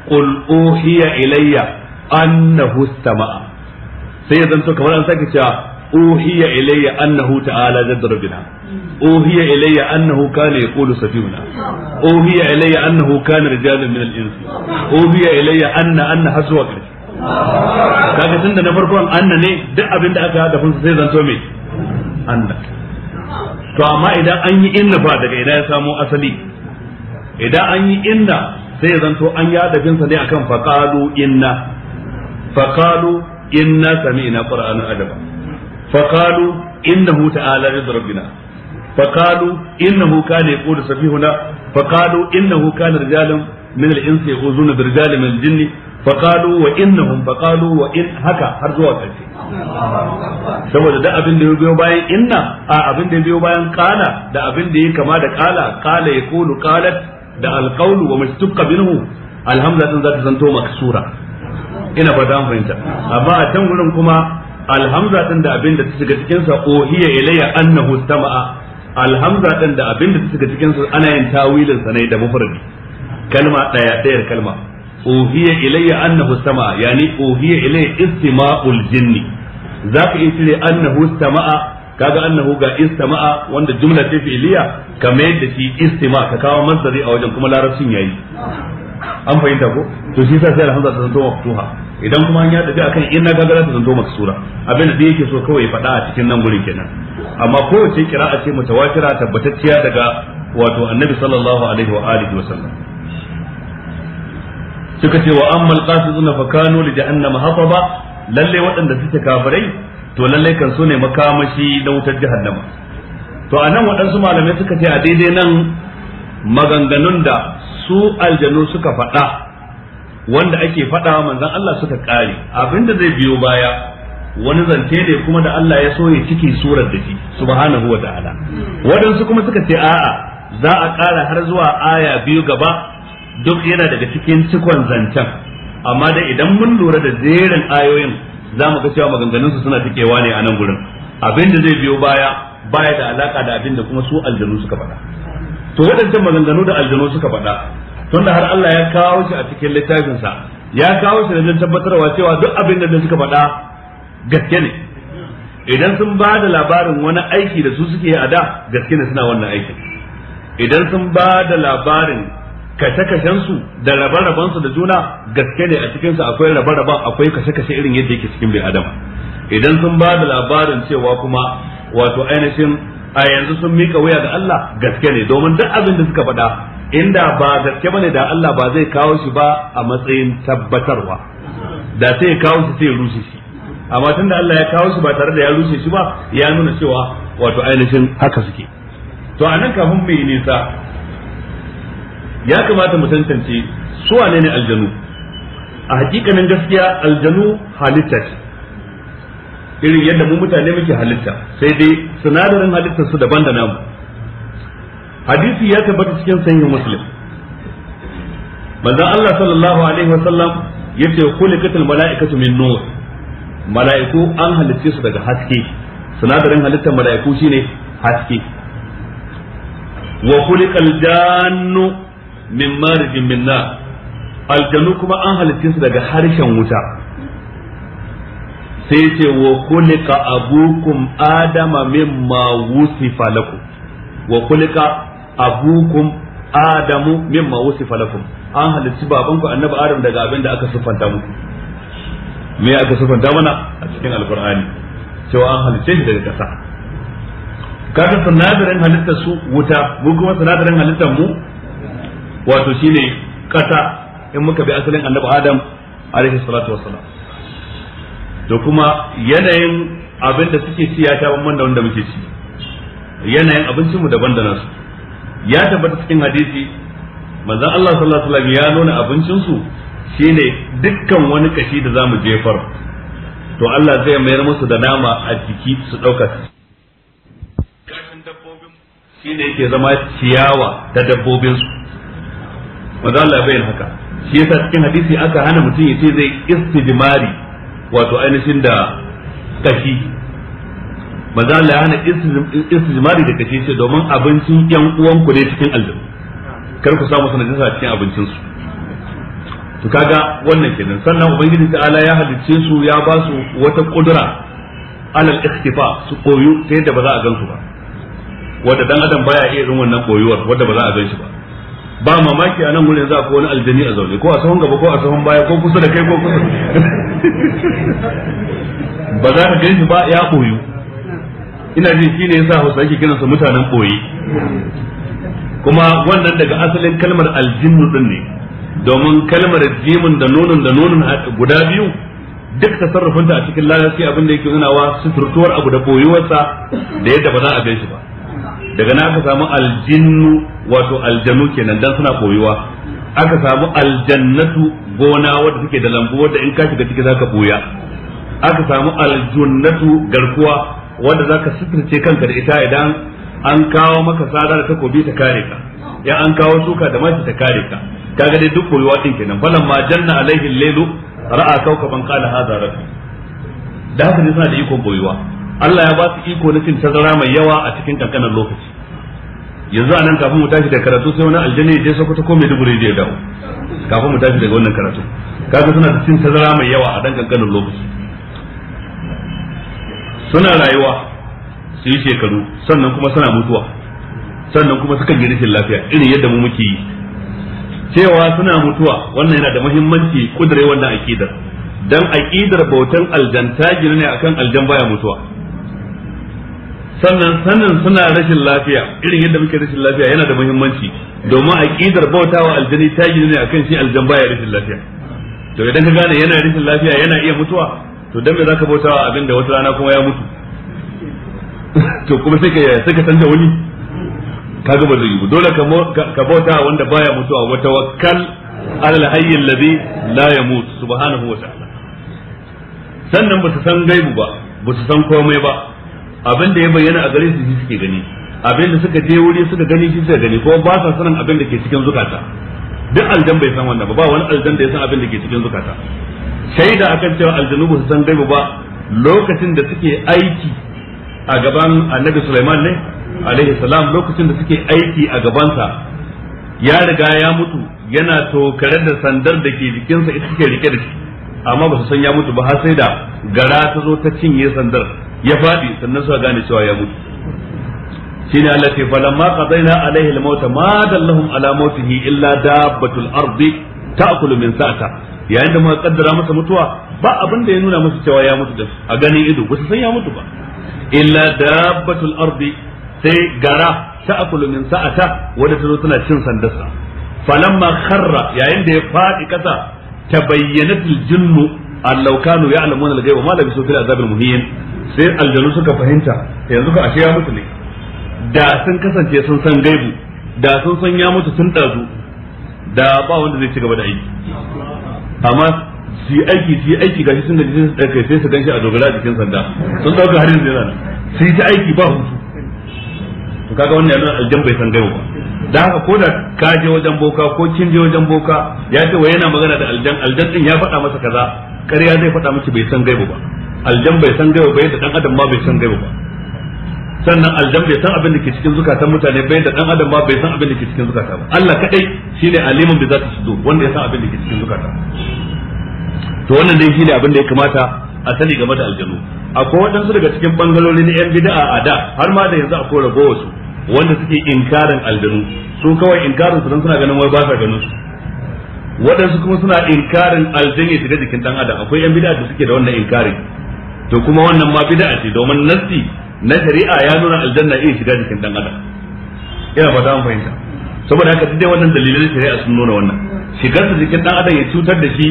qul uhiya ilayya annahu sama'a sai ya zanto kamar an sake cewa أوحي إلي أنه تعالى جد ربنا أوحي إلي أنه كان يقول سفيهنا أوحي إلي أنه كان رجال من الإنس أوحي إلي أن أن حسوك kaga tun da na farkon anna ne duk abin da aka hadafin sai zanto mai to amma idan an yi inna ba daga idan ya samo asali idan an yi inna sai zanto an yi hadafin ne akan faqalu inna faqalu inna sami'na qur'anan adaba فقالوا إنه تعالى رضا ربنا فقالوا إنه كان يقول سفيهنا فقالوا إنه كان رجالا من الإنس يغوزون برجال من الجن فقالوا وإنهم فقالوا وإن هكا har zuwa ƙarshe saboda da abin da ya biyo bayan inna a abin da ya biyo bayan kala da abin da ya kama da kala kala ya kulu kalat da alqaulu wa mashtuqqa alhamza din zata zanto maksura ina ba dan fahimta amma a can gurin kuma alhamza din da abin da ta shiga cikin sa ohiya ilayya annahu sama'a alhamza din da abin da ta shiga cikin sa ana yin tawilin sa ne da mufrad kalma daya dayar kalma ohiya ilayya annahu sama'a yani ohiya ilayya istima'ul jinni zaka yi cire annahu sama'a kaga annahu ga istima'a wanda jumla ce fi'liya kamar yadda shi istima ka kawo masdari a wajen kuma larabcin yayi an fahimta ko to shi yasa sai alhamza ta zanto maftuha idan kuma ya tafi akan in na gagara ta zanto maksura abin da yake so kawai faɗa a cikin nan gurin kenan amma kowace kira'a ce mutawatira tabbatacciya daga wato annabi sallallahu alaihi wa alihi wa sallam suka ce wa amma alqasizuna fa kanu li jahannama hataba lalle waɗanda suke kafirai to lalle kan so ne makamashi da wutar jahannama to anan waɗansu malamai suka ce a daidai nan maganganun da su aljanu suka faɗa wanda ake faɗa manzon Allah suka kare abinda zai biyo baya wani zance ne kuma da Allah ya so ya cike surar da shi subhanahu wataala waɗansu kuma suka ce a'a za a ƙara har zuwa aya biyu gaba duk yana daga cikin cikon zancen amma da idan mun lura da jerin ayoyin za mu ga cewa maganganun su suna tikewa ne a nan gurin abin da zai biyo baya baya da alaka da abinda kuma su aljanu suka faɗa to waɗancan maganganu da aljanu suka faɗa tunda har Allah ya kawo shi a cikin littafinsa ya kawo shi da tabbatarwa cewa duk abin da suka faɗa gaske ne idan sun ba da labarin wani aiki da su suke a da gaske ne suna wannan aikin idan sun ba da labarin kashe-kashensu da rabe-rabensu da juna gaske ne a su akwai rabe-raben akwai kashe-kashe irin yadda yake cikin bai adama idan sun ba da labarin cewa kuma wato ainihin a yanzu sun mika wuya ga Allah gaske ne domin duk abin da suka faɗa inda ba gaske bane da Allah ba zai kawo shi ba a matsayin tabbatarwa da sai ya kawo shi sai ya rushe shi amma tunda Allah ya kawo shi ba tare da ya rushe shi ba ya nuna cewa wato ainihin haka suke to a nan kafin mai nisa ya kamata mu tantance su wane ne aljanu a hakikanin gaskiya aljanu halitta irin yadda mu mutane muke halitta sai dai sinadarin halittar su daban da namu hadisi ya tabbata cikin sahih muslim manzo Allah sallallahu alaihi wasallam yace khuliqatul malaikatu min nur mala'iku an halitta su daga haske sinadarin halittar mala'iku shine haske wa khuliqal jannu min marjin min nar Aljannu kuma an halitta su daga harshen wuta sai ce wa khuliqa abukum adama mimma wusifa lakum wa khuliqa abukum adamu mimma wusifa lakum an halicci babanku annabi adam daga abin da aka siffanta muku me aka siffanta mana a cikin alqur'ani cewa an halitta shi daga kasa kaga sinadarin halitta su wuta mu kuma sinadarin halittar mu wato shine kasa in muka bi asalin annabi adam alaihi salatu wassalam to kuma yanayin abin da suke ci ya ta ban da wanda muke ci yanayin mu daban da nasu ya tabbata cikin hadisi manzon Allah sallallahu alaihi wasallam ya nuna abincin su shine dukkan wani kashi da zamu jefar to Allah zai mayar musu da nama a jiki su dauka kashin dabbobin shine yake zama ciyawa ta dabbobin su manzon Allah bayin haka shi yasa cikin hadisi aka hana mutum ya ce zai istijmari wato ainihin da kashi ba za la hana istijmari da kashi ce domin abincin yan uwan ku ne cikin aljanna kar ku samu sanadin sa cikin abincin su to kaga wannan kenan sannan ubangiji ta'ala ya halicce su ya ba su wata kudura alal ikhtifa su koyu ta yadda ba za a gansu ba wanda dan adam baya iya irin wannan koyuwar wanda ba za a ganshi ba ba mamaki a nan gurin za ko wani aljani a zaune ko a sahun gaba ko a sahun baya ko kusa da kai ko kusa ba za ka gani ba ya koyu ina jin ya sa Hausa yake kiransa mutanen boye kuma wannan daga asalin kalmar aljinnu din ne domin kalmar jimin da nunun da nunun guda biyu duk tasarrufinta a cikin lalace abin da yake nunawa suturtuwar abu da boyuwarsa da yadda ba za a shi ba daga na aka samu aljinnu wato aljanu kenan dan suna ɓoyewa aka samu aljannatu gona wadda take da lambu wadda in ka shiga ciki ka boya aka samu aljunnatu garkuwa wanda zaka suturce kanka da ita idan an kawo maka sadar ta takobi ta kare ka ya an kawo shuka da mace ta kare ka kaga dai duk koyuwa din kenan falan ma janna alaihi lailu ra'a kawkaban qala hadha rabbi da haka ne suna da iko koyuwa Allah ya ba su iko na cin tazara mai yawa a cikin kankanin lokaci yanzu anan kafin mu tashi da karatu sai wani aljanna ya je ta komai dubure da dawo kafin mu tashi daga wannan karatu kaga suna da cin tazara mai yawa a dan kankanin lokaci suna rayuwa su yi shekaru sannan kuma suna mutuwa sannan kuma sukan yi rashin lafiya irin yadda mu muke yi cewa suna mutuwa wannan yana da muhimmanci kudure wannan aqidar dan aqidar bautan aljanta gina ne akan aljan baya mutuwa sannan sannan suna rashin lafiya irin yadda muke rashin lafiya yana da muhimmanci domin aqidar bautawa aljani ta gina ne akan shi aljan baya rashin lafiya to idan ka gane yana rashin lafiya yana iya mutuwa to dan me zaka bauta wa abin da wata rana kuma ya mutu to kuma sai ka sai ka canza wani kaga ba zai yi dole ka bauta wanda baya mutuwa wa tawakkal alal hayy alladhi la yamut subhanahu wa ta'ala sannan ba su san gaibu ba ba su san komai ba abin da ya bayyana a gare su shi suke gani abin da suka je wuri suka gani shi suka gani ko ba sa sanin abin da ke cikin zukata duk aljan bai san wannan ba ba wani aljan da ya san abin da ke cikin zukata Sai da akan cewa aljanu ba su san daibu ba lokacin da suke aiki a gaban annabi Sulaiman ne alaihi salam lokacin da suke aiki a gabansa ya riga ya mutu yana tokare da sandar da ke jikinsa ita suke rike da shi amma ba su san ya mutu ba har sai da gara ta zo ta cinye sandar ya faɗi sannan suka gane cewa ya mutu shine Allah ce falamma qadaina alaihi al-maut ma dallahum ala mautihi illa dabbatul ardi ta'kulu min sa'ata yayin da muka kaddara masa mutuwa ba abin da ya nuna masa cewa ya mutu da a ganin ido wasu su san ya mutu ba illa dabbatul ardi sai gara ta akulu min sa'ata wanda ta zo tana cin sandarsa falamma kharra yayin da ya fadi kasa tabayyanatul jinnu allau kanu ya'lamuna al-ghaiba ma labisu fil azabil muhin sai aljanu suka fahimta yanzu ka ashe ya mutu ne da sun kasance sun san gaibu da sun san ya mutu sun dazu da ba wanda zai ci gaba da aiki amma su yi aiki su yi aiki gashi sun gaji sun kai sai su ganshi a dogara a jikin sanda sun dauka har yanzu yana su yi ta aiki ba hutu to kaga wannan yana aljan bai san gaiwa da haka ko da ka je wajen boka ko kin je wajen boka ya ce wai yana magana da aljan aljan din ya faɗa masa kaza ƙarya zai faɗa miki bai san gaiwa ba aljan bai san gaiwa ba yadda dan adam ma bai san gaiwa ba sannan aljan bai san abin da ke cikin zukatan mutane bai da dan adam ma bai san abin da ke cikin zukata ba Allah kadai shine alimun za ta sudur wanda ya san abin da ke cikin zukata to wannan dai shine abin da ya kamata a sani game da aljanu akwai waɗansu daga cikin bangalori na yan bid'a a da har ma da yanzu akwai ragowar wasu. wanda suke inkarin aljanu su kawai inkarin su dan suna ganin wai ba sa ganin su waɗansu kuma suna inkarin aljanu shiga jikin dan adam akwai yan bid'a da suke da wannan inkarin to kuma wannan ma bid'a ce domin nassi na shari'a ya nuna aljanna iya shiga jikin dan adam ina fata an fahimta saboda haka dai wannan dalilai shari'a sun nuna wannan shigar sa jikin dan adam ya cutar da shi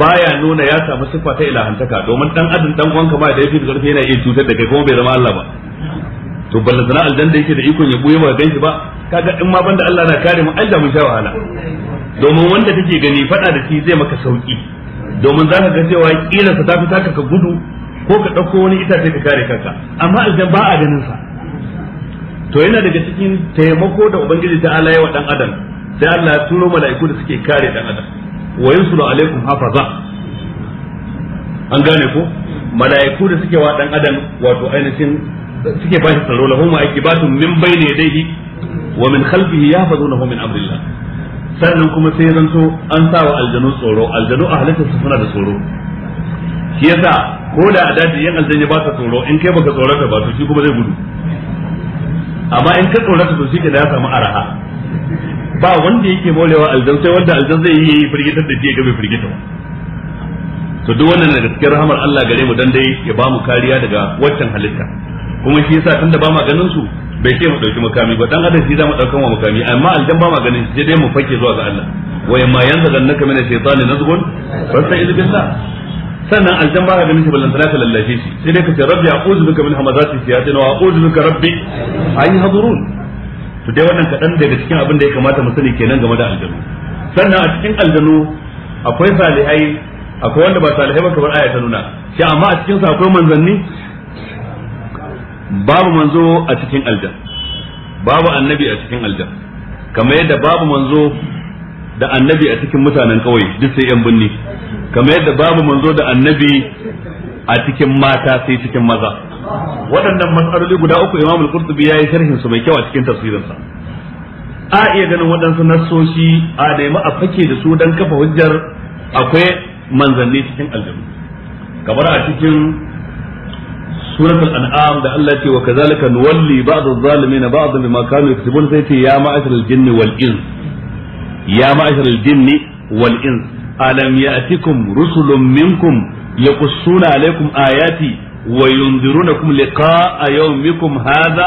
baya nuna ya samu sifa ta ilahantaka domin dan adam dan uwanka ba da yafi karfi yana iya cutar da kai kuma bai zama Allah ba to balla sana aljan da yake da ikon ya buye ba ganshi ba kaga in ma banda Allah na kare mu Allah mun sha wahala domin wanda kake gani fada da shi zai maka sauki domin za ka ga cewa kila sa tafi taka ka gudu ko ka dauko wani itace ka kare kanka amma aljan ba a ganin sa to yana daga cikin taimako da ubangiji ta ala yawa dan adam sai Allah ya turo mala'iku da suke kare dan adam wa yunsulu alaikum hafaza an gane ko mala'iku da suke wa dan adam wato ainihin suke ba shi tsaro lahum aqibatun min bayni yadayhi wa min khalfihi yahfazunahu min amrillah sannan kuma sai so an sa wa aljanu tsoro aljanu a halittar su suna da tsoro shi yasa ko da a daji yan aljan ba ta tsoro in kai baka tsorata ba to shi kuma zai gudu amma in ka tsorata to shi da ya samu araha ba wanda yake molewa aljan sai wanda aljan zai yi firgitar da shi gabe bai firgita to duk wannan da gaskiyar rahamar Allah gare mu dan dai ya ba mu kariya daga waccan halitta kuma shi yasa tunda ba ma ganin su bai ce mu dauki makami ba dan adam shi za mu daukan wa makami amma aljan ba ma ganin shi dai mu fake zuwa ga Allah wa yamma yanzaganaka min ash-shaytani nazghun fasta'id billah sannan aljan ba ganin shi ballan talaka lallashe shi sai dai ka ce rabbi a'udhu bika min hamazati shayatin wa a'udhu bika rabbi ayi hadurun to dai wannan kadan daga cikin abin da ya kamata mu sani kenan game da aljanu sannan a cikin aljanu akwai salihai akwai wanda ba salihai ba kamar ayatan nuna shi amma a cikin sa akwai manzanni babu manzo a cikin aljan babu annabi a cikin aljan kamar yadda babu manzo da annabi a cikin mutanen kawai duk sai yan binni kamar yadda babu manzo da annabi a cikin mata sai cikin maza waɗannan matsaloli guda uku imam al-qurtubi yayi sharhin su mai kyau a cikin tafsirinsa a iya ganin waɗansu nassoshi a da a fake da su dan kafa hujjar akwai manzanni cikin aljanu kamar a cikin surat al-an'am da Allah ce wa kazalika nuwalli ba'd adh-dhalimin ba'd bima kanu yaktubun sai ce ya ma'ashar al-jinni wal ya wal alam ya'tikum rusulun minkum yaqussuna alaykum ayati wa yunzirunakum liqa'a yawmikum hadha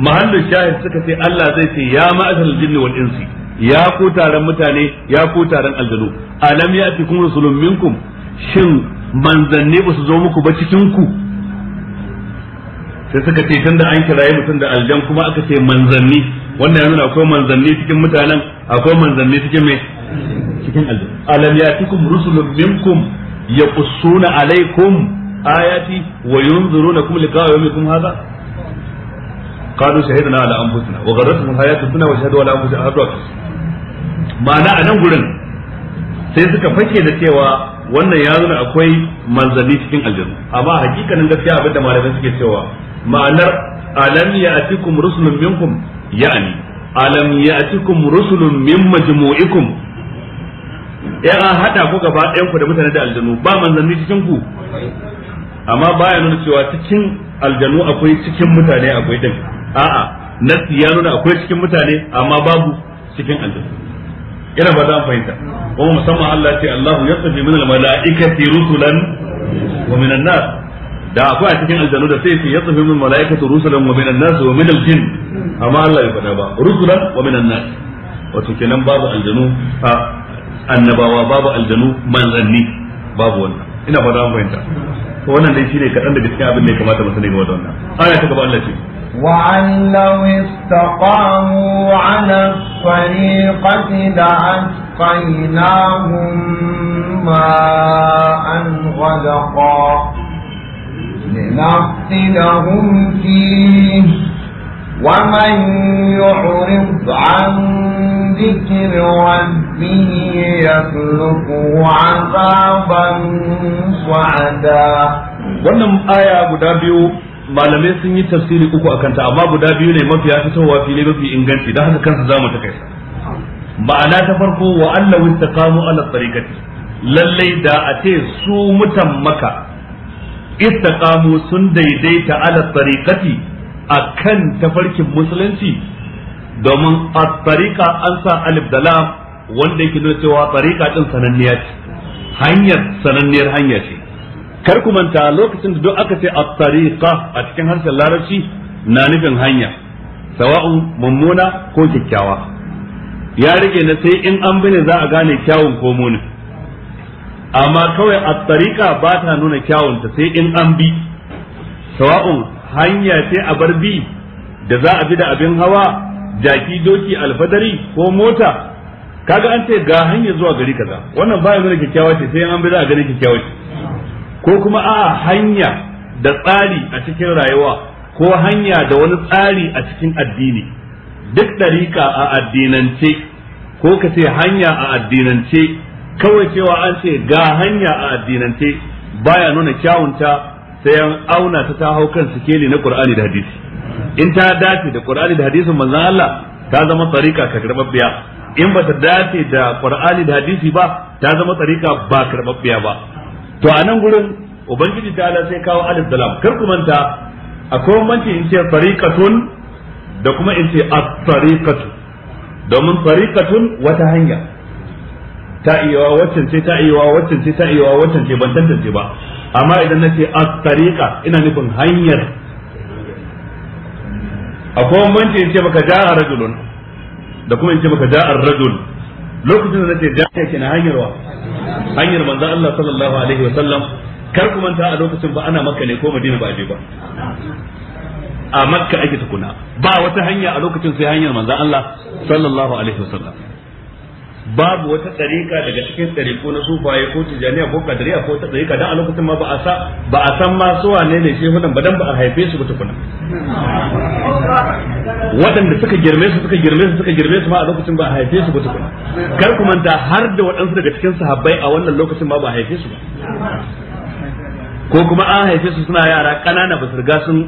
mahallu shahid suka ce Allah zai ce ya ma'asal jinni wal insi ya ku taron mutane ya ku taron aljanu alam ya'tikum rusulun minkum shin manzanni ba su zo muku ba cikin ku sai suka ce tunda an kiraye mutum da aljan kuma aka ce manzanni wannan ya nuna akwai manzanni cikin mutanen akwai manzanni cikin mai cikin aljanna alam yatikum rusulun minkum yaqussuna alaykum ayati wa yunzirunakum liqa'a yawmikum hadha قالوا شهدنا على انفسنا وغرتهم dunya wa وشهدوا ala anfusina حتى ma'ana a nan gurin sai suka fake da cewa wannan ya zuna akwai manzanni cikin aljanna amma hakikanin gaskiya abinda malamai suke cewa ma'anar alam ya'tikum rusulun minkum ya'ni alam ya'tikum rusulun min majmu'ikum ya an hada ku gaba ɗayan ku da mutane da aljanu ba manzanni cikin ku amma baya nuna cewa cikin aljanu akwai cikin mutane akwai din a'a nasi ya nuna akwai cikin mutane amma babu cikin aljanu ina ba za mu fahimta kuma musamman Allah ce Allahu ya min al-mala'ikati rusulan wa min an-nas da akwai a cikin aljanu da sai ya tsufi min mala'ikatu rusulan wa min an-nas wa min al-jin amma Allah bai faɗa ba rusulan wa min an-nas wato kenan babu aljanu a annabawa babu aljanu manzanni babu wannan ina ba za mu fahimta to wannan dai shine kaɗan daga cikin abin da ya kamata mu sani game da wannan aya ta gaba Allah ce وأن لو استقاموا على الطريقة لأسقيناهم ماء غدقا لنفتنهم فيه ومن يعرض عن ذكر ربه يخلقه عذابا صعدا wannan aya guda biyu malamai sun yi tafsiri uku a kanta amma guda biyu ne mafi mafiya wafi fili mafi inganci don haka kansa za mu ta kaisa ma'ana ta farko wa Allah wistaqamu ala tariqati lallai da a ce su mutan maka istaqamu sun daidaita ala tariqati akan tafarkin musulunci domin a tariƙa an sa alif da lam wanda yake nuna cewa tariƙa ɗin sananniya ce hanyar sananniyar hanya ce kar ku manta lokacin da duk aka ce a tariƙa a cikin harshen larabci na nufin hanya sawa'un mummuna ko kyakkyawa ya rike na sai in an bane za a gane kyawun ko muni amma kawai a tariƙa ba ta nuna kyawunta sai in an bi sawa'un hanya ce a bar bi da za a bi da abin hawa jaki doki alfadari ko mota kaga an ce ga hanya zuwa gari kaza wannan baya nuna kikkiawa ce sai an bi za a gari kikkiawa ce ko kuma a hanya da tsari a cikin rayuwa ko hanya da wani tsari a cikin addini duk ɗarika a addinance ko ka ce hanya a addinance kawai cewa an ce ga hanya a addinance baya nuna kyawunta sai an auna ta ta hau kan sikeli na qur'ani da hadisi in ta dace da qur'ani da hadisin manzon Allah ta zama tsarika ka biya in ba ta dace da qur'ani da hadisi ba ta zama tsarika ba biya ba to a nan gurin ubangiji ta Allah sai kawo alif dalam kar ku manta akwai bambanci in ce tsarikatun da kuma in ce at-tariqatu domin tsarikatun wata hanya ta iyawa wacce ce ta iyawa wacce ce ta iyawa wacce ce ban tantance ba amma idan na ce as-tariqa ina nufin hanyar akwai bambanci in ce maka ja'a rajulun da kuma in ce maka ja'a rajul lokacin da nace ja'a kina hanyar wa hanyar manzo Allah sallallahu alaihi wa sallam kar ku manta a lokacin ba ana makka ne ko madina ba je ba a makka ake tukuna ba wata hanya a lokacin sai hanyar manzo Allah sallallahu alaihi wa sallam babu wata tsarika daga cikin tsariko na sufaye ko tijaniya ko kadariya ko ta tsarika dan a lokacin ma ba a sa ba a san ma su wane ne shehunan ba don ba a haife su ba kuna waɗanda suka girme su suka girme su suka girme su ma a lokacin ba a haife su ba kuna kar ku manta har da waɗansu daga cikin sahabbai a wannan lokacin ma ba a haife su ba ko kuma an haife su suna yara ƙanana ba su riga sun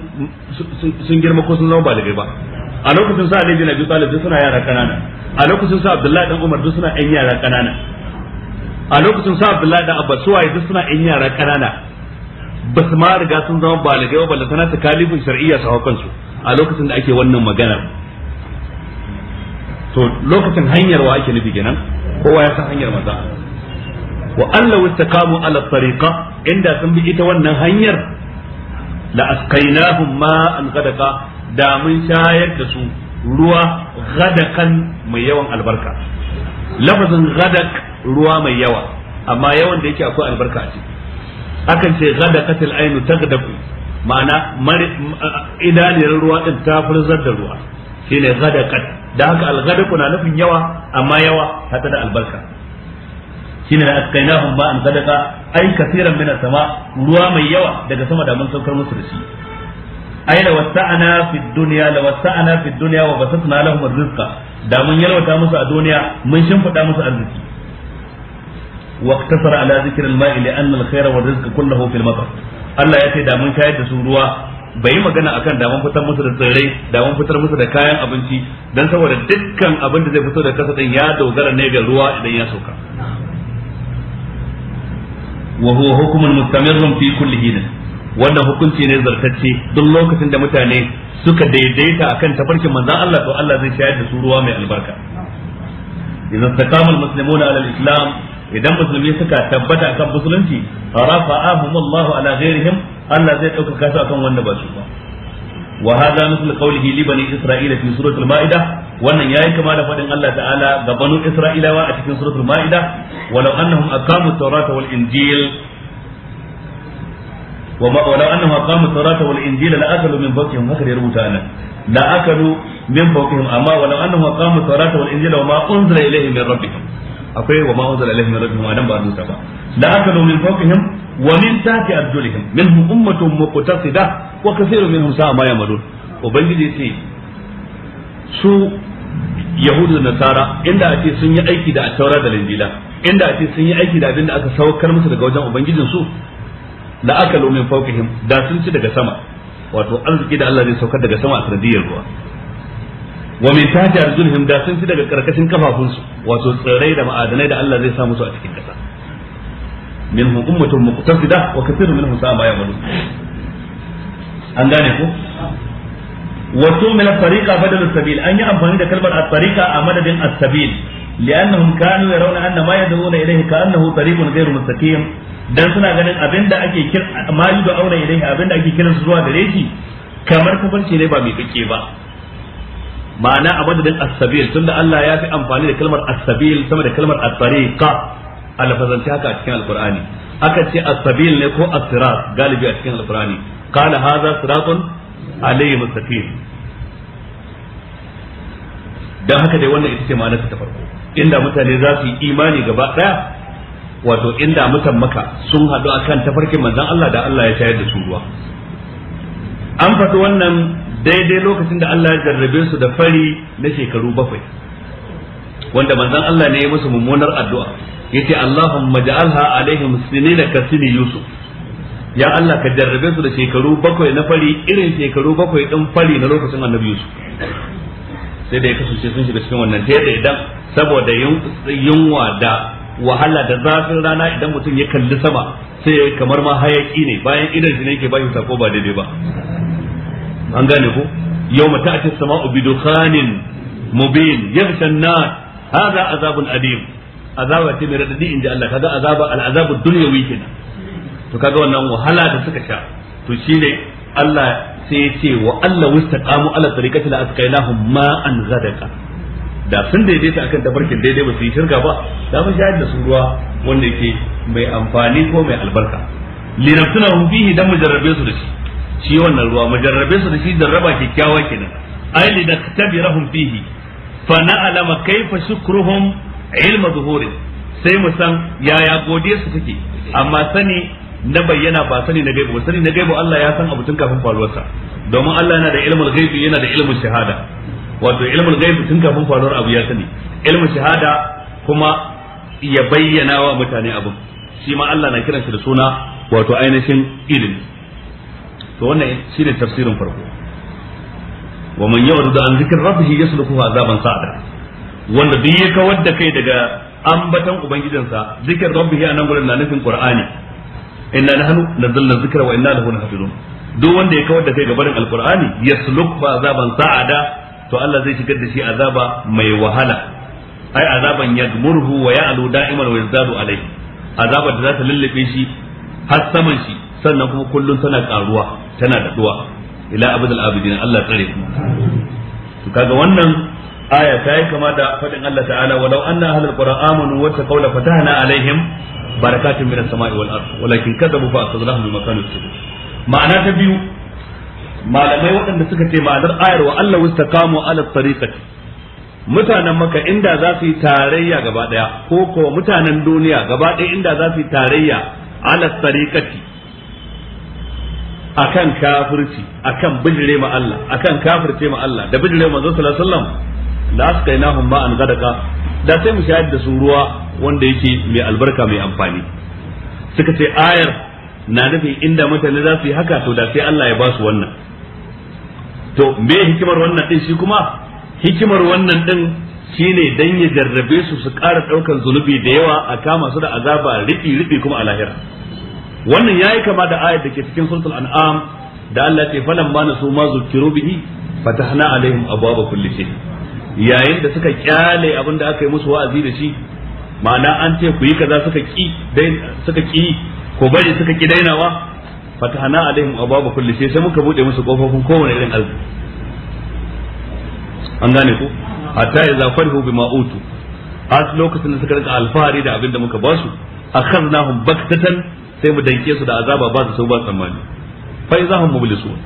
sun girma ko sun zama da ba a lokacin sa Ali bin Abi Talib duk suna yara kanana a lokacin sa Abdullahi dan Umar duk suna ɗan yara kanana a lokacin sa Abdullahi dan Abbas suwaye duk suna ɗan yara kanana ba su ma riga sun zama balagai ba balle sanata kalibun shar'iyya su a lokacin da ake wannan maganar to lokacin hanyar wa ake nufi kenan kowa ya san hanyar maza wa alla wastaqamu ala tariqa inda sun bi ita wannan hanyar la asqainahum an ghadaqa da mun shayar da su ruwa gadakan mai yawan albarka lafazin gadak ruwa mai yawa amma yawan da yake akwai albarka a ciki akan ce gadakatil ainu tagdaku ma'ana idaniyar ruwa din ta furzar da ruwa shine gadakat da haka algadaku na nufin yawa amma yawa hada da albarka shine askainahum an sadaka ai kaseeran mina sama ruwa mai yawa daga sama da mun saukar musu da shi ai la wasa'ana fi dunya la wasa'ana fi dunya wa basatna lahum rizqa da mun yalwata musu a duniya mun shimfida musu arziki wa iktasara ala zikri al-ma'i li anna al-khayra wa rizqa kulluhu fil matar Allah ya ce da mun shayar da su ruwa bai magana akan da mun fitar musu da tsirrai da mun fitar musu da kayan abinci dan saboda dukkan abin da zai fito da kasa din ya dogara ne ga ruwa idan ya sauka wa huwa hukmun mustamirrun fi kulli hinin wannan hukunci ne zartacce duk lokacin da mutane suka daidaita akan tafarkin manzan Allah to Allah zai shayar da su ruwa mai albarka idan takamul muslimun ala islam idan musulmi suka tabbata akan musulunci rafa'ahum Allah ala ghairihim Allah zai dauka kasu akan wanda ba su ba wa hada misal qawlihi li bani isra'ila fi suratul ma'ida wannan yayi kama da faɗin Allah ta'ala ga banu isra'ilawa a cikin suratul ma'ida walau annahum aqamu at-taurata wal wa ma walau annahum aqamu tawrata wal injila la akalu min fawqihim haka ya rubuta nan la akalu min fawqihim amma walau annahum aqamu tawrata wal injila wa ma unzila ilayhim min rabbihim akwai wa ma unzila ilayhim min rabbihim adam ba rubuta ba la akalu min fawqihim wa min tahti ma su yahudu da nasara inda a ce sun yi aiki da taura da linjila inda a ce sun yi aiki da abin da aka saukar musu daga wajen ubangijin su la akalu min fawqihim da sun ci daga sama wato arziki da Allah zai saukar daga sama a sanadiyar ruwa wa min tahti arjulihim da sun ci daga karkashin kafafunsu wato tsirrai da ma'adanai da Allah zai sa musu a cikin kasa minhum ummatun muqtasida wa kathirun minhum sa'a ma ya'malun an gane ko wato mila tariqa badal sabil an yi amfani da kalmar at-tariqa a madadin as-sabil li'annahum kanu yarawna anna ma yad'una ilayhi ka'annahu tariqun ghayru mustaqim dan suna ganin abinda ake kira da aure auna ilaihi abinda ake kira zuwa gare shi kamar kafarci ne ba mai kake ba ma'ana a madadin as-sabil tunda Allah ya fi amfani da kalmar as-sabil sama da kalmar at-tariqa alfazanci haka a cikin alqur'ani aka ce as-sabil ne ko as-sirat galibi a cikin alqur'ani qala hadha siratun alayhi mustaqim dan haka dai wannan ita ce ma'anar ta farko inda mutane za su yi imani gaba daya wato inda mutan maka sun haɗu akan tafarkin manzon Allah da Allah ya shayar da su ruwa an faɗi wannan daidai lokacin da Allah ya jarrabe su da fari na shekaru bakwai wanda manzon Allah ne ya musu mummunar addu'a yace Allahumma ja'alha alaihim sinina kasini yusuf ya Allah ka jarrabe su da shekaru bakwai na fari irin shekaru bakwai din fari na lokacin annabi Yusuf sai da ya kasance sun shiga cikin wannan ta saboda yunwa da wahala da zafin rana idan mutum ya kalli sama sai kamar ma hayaki ne bayan idan shi ne yake bashi sako ba daidai ba an gane ko yawma ta'ti as-sama'u bi dukhanin mubin yaghsha an-nas azabun adim azaba ce mai radadi inda Allah kaga azaba al-azabu dunyawi to kaga wannan wahala da suka sha to ne Allah sai ya ce wa Allah wastaqamu ala tariqati la asqainahum ma'an ghadaka da sun daidaita akan tafarkin daidai ba su yi shirka ba da mun shayar da su ruwa wanda yake mai amfani ko mai albarka linaftuna hum fihi dan mujarrabe su da shi shi wannan ruwa mujarrabe su da shi raba kikkiawa kenan ay linaktabirahum fihi fa na'lama kayfa shukruhum ilma zuhurin sai mu san yaya godiya su take amma sani na bayyana ba sani na gaibu ba sani na gaibu Allah ya san abu tun kafin faruwarsa domin Allah yana da ilmul ghaibi yana da ilmul shahada wato ilmul gaibi tun kafin faruwar abu ya sani ilmul shahada kuma ya bayyana wa mutane abu shi ma Allah na kiransa da suna wato ainihin ilimi to wannan shine tafsirin farko wa man yawrud an zikr rabbih yasluku azaban sa'ada wanda duk ya kawar da kai daga ambatan ubangijinsa zikr rabbih anan gurin na nufin qur'ani inna nahnu nazzalna dhikra wa inna lahu lahafizun duk wanda ya kawar da kai ga barin alqur'ani yasluku azaban sa'ada to Allah zai shigar da shi azaba mai wahala ai azaban yagmurhu wa ya'lu da'iman wa yazdadu alayhi azaba da za ta lullube shi har saman shi sannan kuma kullun tana karuwa tana daduwa ila abdul abidin Allah tsare to kaga wannan aya ta yi kama da fadin Allah ta'ala walau anna ahlul qura amanu wa taqaw fatahna alaihim barakatun minas sama'i wal ard walakin kadzabu fa akhadnahum bima kanu yaksubun ma'ana ta biyu malamai waɗanda suka ce ma'anar ayar wa Allah wastaqamu ala tariqati mutanen maka inda za su yi tarayya gaba daya ko ko mutanen duniya gaba daya inda za su yi tarayya ala tariqati akan kafirci akan bijire ma Allah akan kafirce ma Allah da bijire manzo sallallahu alaihi wasallam la asqainahum ma'an gadaka da sai mu shayar da su ruwa wanda yake mai albarka mai amfani suka ce ayar na nufin inda mutane za su yi haka to da sai Allah ya ba su wannan to me hikimar wannan din shi kuma hikimar wannan din shine dan ya jarrabe su su ƙara ɗaukar zunubi da yawa a kama su da azaba rifi rifi kuma a lahira wannan yayi kama da ayat da ke cikin suratul an'am da Allah ce falan ma nasu ma zukiru bihi fatahna alaihim abwaba kulli shay yayin da suka kyale abin da aka yi musu wa'azi da shi ma'ana an ce ku yi kaza suka ki suka ki ko bari suka ki dainawa fatahna alaihim ababa kulli shay sai muka bude musu kofofin kowane irin arziki an gane ku hatta idza farihu bima utu har lokacin da suka rika alfahari da abin da muka ba su akhadnahum baktatan sai mu danke su da azaba ba su sau ba tsammani fa idza hum mublisun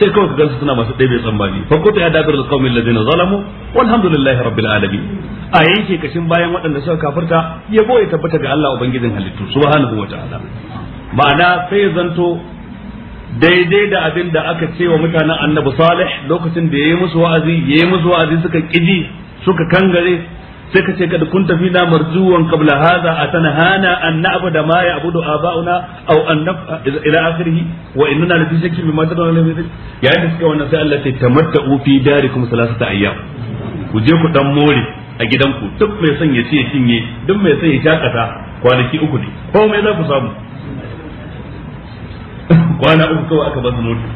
sai kawai ka gansu suna masu ɗebe tsammani fa kuta ya dabir alqawmin ladina zalamu walhamdulillahi rabbil alamin a yanke kashin bayan waɗanda suka kafirta yabo ya tabbata ga Allah ubangijin halittu subhanahu wa ta'ala ma'ana sai zanto daidai da abin da aka ce wa mutanen annabi salih lokacin da ya yi musu wa'azi yayi musu wa'azi suka kiji suka kangare sai ka ce kun tafi na marjuwan qabla hadha atanhana an na'budu ma ya'budu aba'una aw an ila akhirih wa innana la tushakki mimma min da suka wannan sai Allah ya tamatta'u ufi darikum salasata ayyam ku je ku dan more a gidanku duk mai son ya ce ya cinye duk mai son ya shakata kwanaki uku ne ko mai za ku samu kwana uku kawai aka ba su mota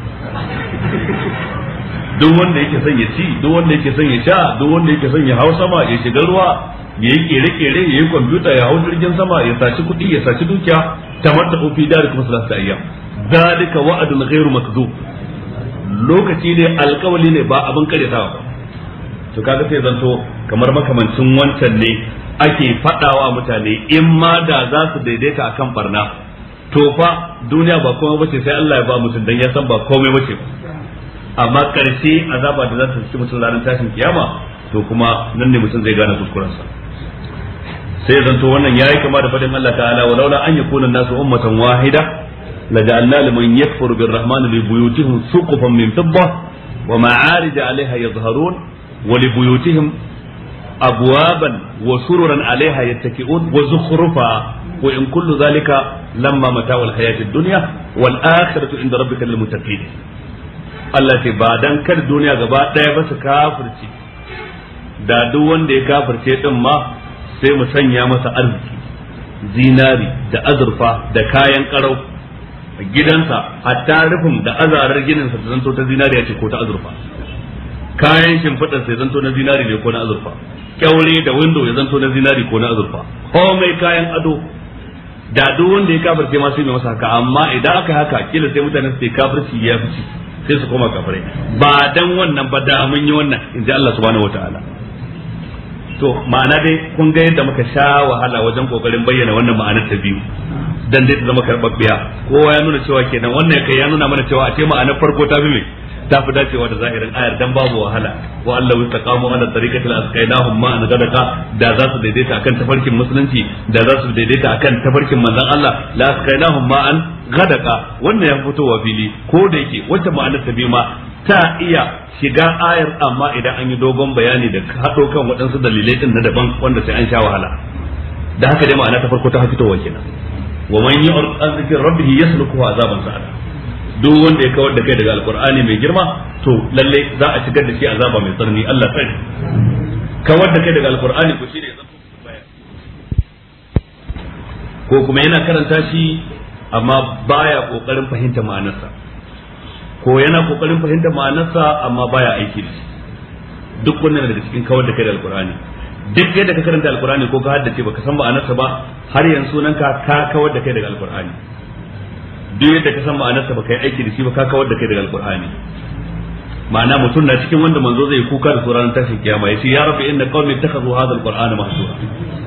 duk wanda yake son ya ci duk wanda yake son ya sha duk wanda yake son ya hau sama ya shiga ruwa ya yi kere-kere ya yi kwamfuta ya hau jirgin sama ya saci kuɗi ya saci dukiya ta marta ofi da kuma salasta ayyam zalika wa'adun ghairu makdhub lokaci ne alkawali ne ba abin karyatawa ba to kaga sai zanto kamar makamancin wancan ne ake faɗawa mutane in ma da za su daidaita akan barna to fa duniya ba komai bace sai Allah ya ba mutum dan ya san ba komai bace ba amma karshe azaba da za ta ci mutum ranar tashin kiyama to kuma nan ne mutum zai gane kuskurensa sai zanto wannan yayi kama da fadin Allah ta'ala walaula an yakuna nasu ummatan wahida لجعلنا لمن يكفر بالرحمن لبيوتهم سقفا من فضة ومعارج عليها يظهرون ولبيوتهم abwaban wa sururan alaiha yattaki'un wa zukhrufa ko in kullu zalika lamma mata'ul hayatid dunya wal akhiratu inda rabbika lil muttaqin Allah ce ba dan kar duniya gaba daya ba su kafirci da duk ya kafirce din ma sai mu sanya masa arziki zinari da azurfa da kayan karau gidansa hatta rufin da azarar gininsa ta zanto ta zinariya ce ko ta azurfa kayan shimfiɗar sai zanto na zinari ne ko na azurfa kyaure da windo ya zanto na zinari ko na azurfa mai kayan ado da duk wanda ya kafirce ma sai mai masa haka amma idan aka haka kila sai mutane su kafirci ya ci sai su koma kafirai ba dan wannan ba da mun yi wannan inji Allah subhanahu wataala to ma'ana dai kun ga yadda muka sha wahala wajen kokarin bayyana wannan ma'anar ta biyu dan dai ta zama karbabbiya kowa ya nuna cewa kenan wannan kai ya nuna mana cewa a ce ma'anar farko ta bi mai ta fi dacewa da zahirin ayar dan babu wahala wa Allah istaqamu ala tariqatil asqainahum ma an da za su daidaita akan tafarkin musulunci da za su daidaita akan tafarkin manzon Allah la asqainahum ma an gadaka wannan ya fitowa fili ko da yake wata ma'anar ta ma ta iya shiga ayar amma idan an yi dogon bayani da haɗo kan waɗansu dalilai din na daban wanda sai an sha wahala da haka dai ma'ana ta farko ta fitowa kenan wa man yu'rid an zikri rabbih yasluku azaban sa'ada duk wanda ya kawar da kai daga alkur'ani mai girma to lalle za a shigar da shi azaba mai tsarni Allah sai kawar da kai daga alkur'ani ko shine ko kuma yana karanta shi amma baya kokarin fahimta ma'anarsa ko yana kokarin fahimta ma'anarsa amma baya aiki da shi duk wannan daga cikin kawar da kai da alkurani duk yadda ka karanta alkurani ko ka haddace baka san ma'anarsa ba har yanzu nan ka ka kawar da kai daga alkurani duk yadda ka san ma'anarsa ba kai aiki da shi ba ka kawar da kai daga alqur'ani ma'ana mutum na cikin wanda manzo zai kuka da suran tashin kiyama yace ya rabbi inna qaumi takhadhu hadha alqur'ana mahsura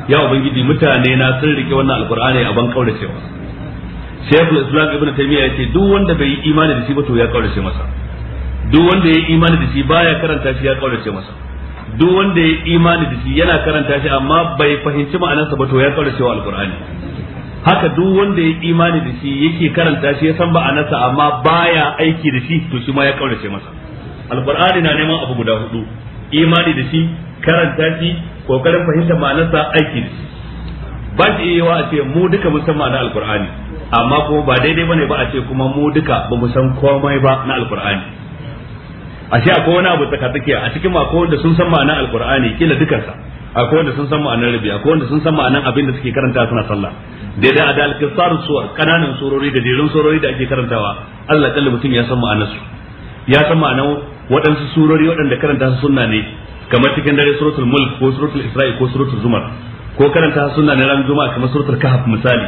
ya ubangiji mutane na sun rike wannan alqur'ani a ban kaura cewa shaykhul islam ibnu taymiya yace duk wanda bai yi imani da shi ba to ya kaura ce masa duk wanda ya yi imani da shi baya karanta shi ya kaura ce masa duk wanda ya yi imani da shi yana karanta shi amma bai fahimci ma'anarsa ba to ya kaura cewa alqur'ani haka duk wanda ya imani da shi yake karanta shi ya san ba'anarsa amma baya aiki da shi to shi ma ya kaurace masa alqur'ani na neman abu guda hudu imani da shi karanta shi kokarin fahimta ma'anarsa aiki da shi ba shi yawa a ce mu duka mun san ma'anar alqur'ani amma kuma ba daidai bane ba a ce kuma mu duka ba mu san komai ba na alqur'ani ashe akwai wani abu tsakatsakiya a cikin akwai wanda sun san ma'anar alqur'ani kila dukansa akwai wanda sun san ma'anar rabi akwai wanda sun san ma'anar abin da suke karanta suna sallah daidai a da alkisar suwar kananan surori da jerin surori da ake karantawa Allah kalli mutum ya san ma'anar su ya san ma'anar waɗansu surori waɗanda karanta su sunna ne kamar cikin dare suratul mulk ko suratul isra'i ko suratul zumar ko karanta su sunna ne ran juma'a kamar suratul kahf misali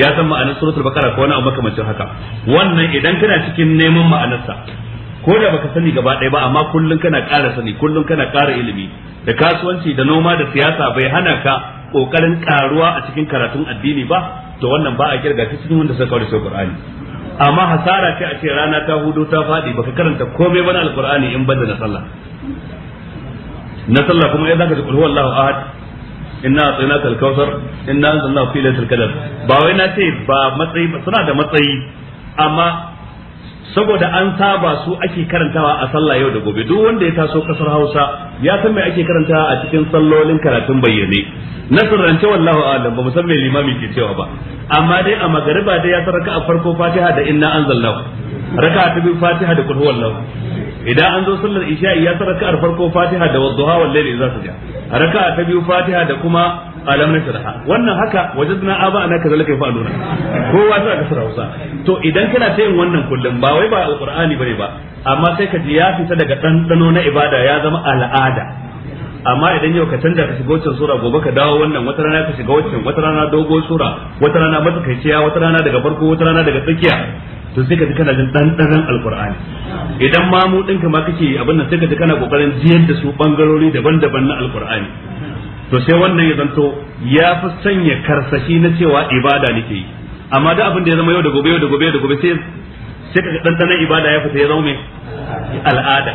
ya san ma'anar suratul baqara ko wani abu makamancin haka wannan idan kana cikin neman ma'anarsa ko da baka sani gaba ɗaya ba amma kullum kana ƙara sani kullum kana ƙara ilimi da kasuwanci da noma da siyasa bai hana ka kokarin karuwa a cikin karatun addini ba to wannan ba a kirga ta cikin wanda suka kawo da Qur'ani amma hasara ce a ce rana ta hudu ta fadi baka karanta komai bana alqur'ani in banda na sallah na sallah kuma idan ka ji qul huwallahu ahad inna atainaka alkawthar inna anzalna fi laylatil qadr ba wai na ce ba matsayi suna da matsayi amma saboda an saba su ake karantawa a sallah yau da gobe duk wanda ya taso kasar Hausa ya san me ake karantawa a cikin sallolin karatun bayyane na sirrance wallahu a'lam ba musamman limami ke cewa ba amma dai a magariba dai ya san a farko Fatiha da inna anzalna raka ta Fatiha da kulhu wallahu idan an zo sallar isha'i ya sa raka'ar farko fatiha da wadduha wal layli ta ja. raka'a ta biyu fatiha da kuma alam sharha wannan haka wajadna aba ana kazalika yafaluna kowa sai ka sarau sa to idan kana ta yin wannan kullum ba wai ba alqur'ani bane ba amma sai ka ji ya fita daga ɗanɗano na ibada ya zama al'ada amma idan yau ka canza ka shiga wancan sura gobe ka dawo wannan wata rana ka shiga wancan wata rana dogo sura wata rana matsakaiciya wata rana daga farko wata rana daga tsakiya to sai ka ji kana jin dandanan alqur'ani idan ma mu dinka ma kake abin nan sai ka ji kana kokarin jiyar da su bangarori daban-daban na alqur'ani to sai wannan ya zanto ya fi sanya karsashi na cewa ibada nake yi amma da abin da ya zama yau da gobe yau da gobe yau da gobe sai sai kaga dandanan ibada ya fita ya zama me al'ada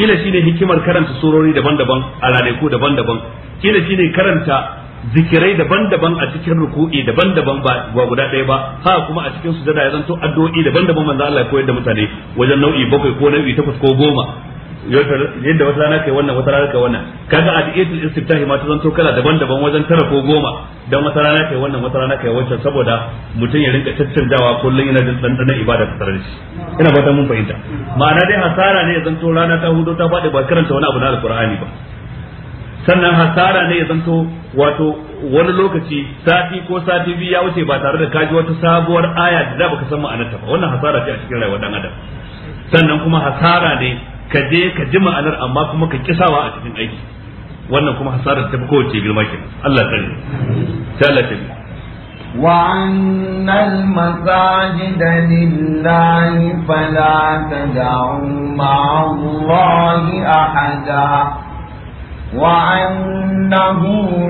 kila shine hikimar karanta surori daban-daban a ranaku daban-daban kila shine karanta zikirai daban-daban a cikin ruku'i daban-daban ba ba guda ɗaya ba ha kuma a cikin sujada ya zanto addu'o'i daban-daban manzo Allah ya koyar da mutane wajen nau'i bakwai ko nau'i takwas ko goma yadda wata rana kai wannan wata rana kai wannan kaga adiyatul istiftah ma ta zanto kala daban-daban wajen tara ko goma dan wata rana kai wannan wata rana kai wancan saboda mutum ya rinka caccanjawa kullun yana jin dandanan ibada ta tare da ina fata mun fahimta ma'ana dai hasara ne ya zanto rana ta hudu ta faɗi ba karanta wani abu na alqur'ani ba sannan hasara ne ya zanto wato wani lokaci sati ko sati biyu ya wuce ba tare da kaji wata sabuwar aya da da baka san ma'anarta ba wannan hasara ce a cikin rayuwar dan adam sannan kuma hasara ne ka je ka ji ma'anar amma kuma ka kisawa a cikin aiki wannan kuma hasara ta fi kowace girma ke Allah sani sai Allah ta وأن المساجد لله فلا تدعوا مع الله أحدا وأنه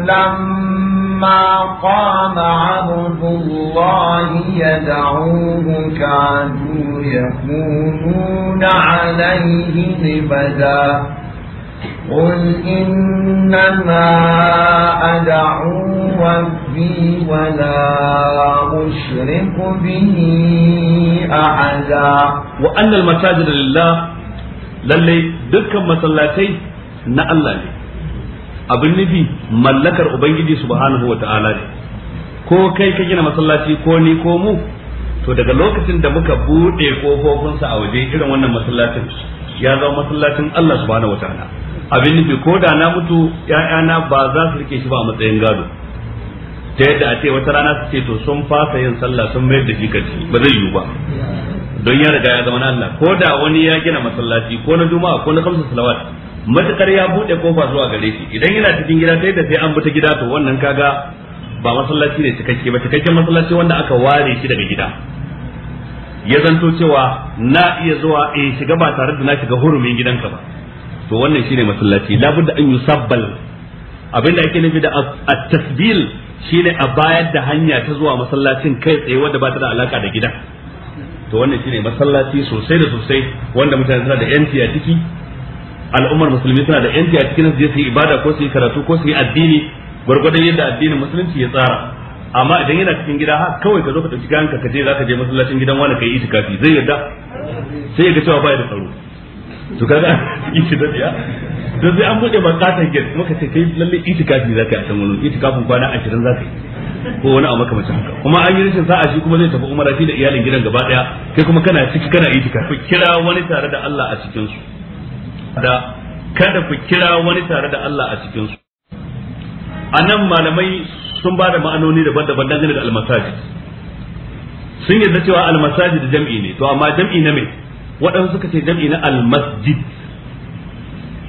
لما قام عبد الله يدعوه كانوا يكونون عليه لبدا قل إنما أدعو ربي ولا أشرك به أحدا وأن المساجد لله للي دكا مسلاتي na Allah ne abin nufi mallakar ubangiji subhanahu wa ta'ala ne ko kai ka gina masallaci ko ni ko mu to daga lokacin da muka bude kofofinsa a waje irin wannan masallacin ya zama masallacin Allah subhanahu wa ta'ala abin nufi ko da na mutu ƴaƴana ba za su rike shi ba a matsayin gado ta yadda a ce wata rana su ce to sun fasa yin sallah sun mayar da shi kaci ba zai yiwu ba don ya riga ya zama na Allah ko da wani ya gina masallaci ko na juma'a ko na kamsa salawat matukar ya bude kofa zuwa gare shi idan yana cikin gida sai da sai an buta gida to wannan kaga ba masallaci ne cikakke ba cikakken masallaci wanda aka ware shi daga gida ya zanto cewa na iya zuwa eh shiga ba tare da na shiga hurumin gidanka ba to wannan shine masallaci labudda an yusabbal abinda ake nufi da at-tasbil shine a bayar da hanya ta zuwa masallacin kai tsaye wanda ba ta da alaka da gida to wannan shine masallaci sosai da sosai wanda mutane suna da yanci a ciki al'ummar musulmi suna da yanci a cikin su je su yi ibada ko su yi karatu ko su yi addini gwargwadon yadda addinin musulunci ya tsara amma idan yana cikin gida ha kawai ka zo ka tafi kayan ka je ka je masallacin gidan wani kai itikafi zai yarda sai ya ga cewa baya da tsaro to kaga da ya to sai an bude bakatan kuma ka ce kai lalle itikafi ka yi a can wani itikafin kwana 20 ka yi ko wani abu makamacin haka kuma an yi rashin sa'a shi kuma zai tafi umara shi da iyalin gidan gaba daya kai kuma kana ciki kana itikafi kira wani tare da Allah a cikin su da kada ku kira wani tare da Allah a cikin su anan malamai sun ba da ma'anoni daban-daban dangane da almasajid sun yarda cewa almasajid jam'i ne to amma jam'i na me waɗansu suka ce jam'i na almasjid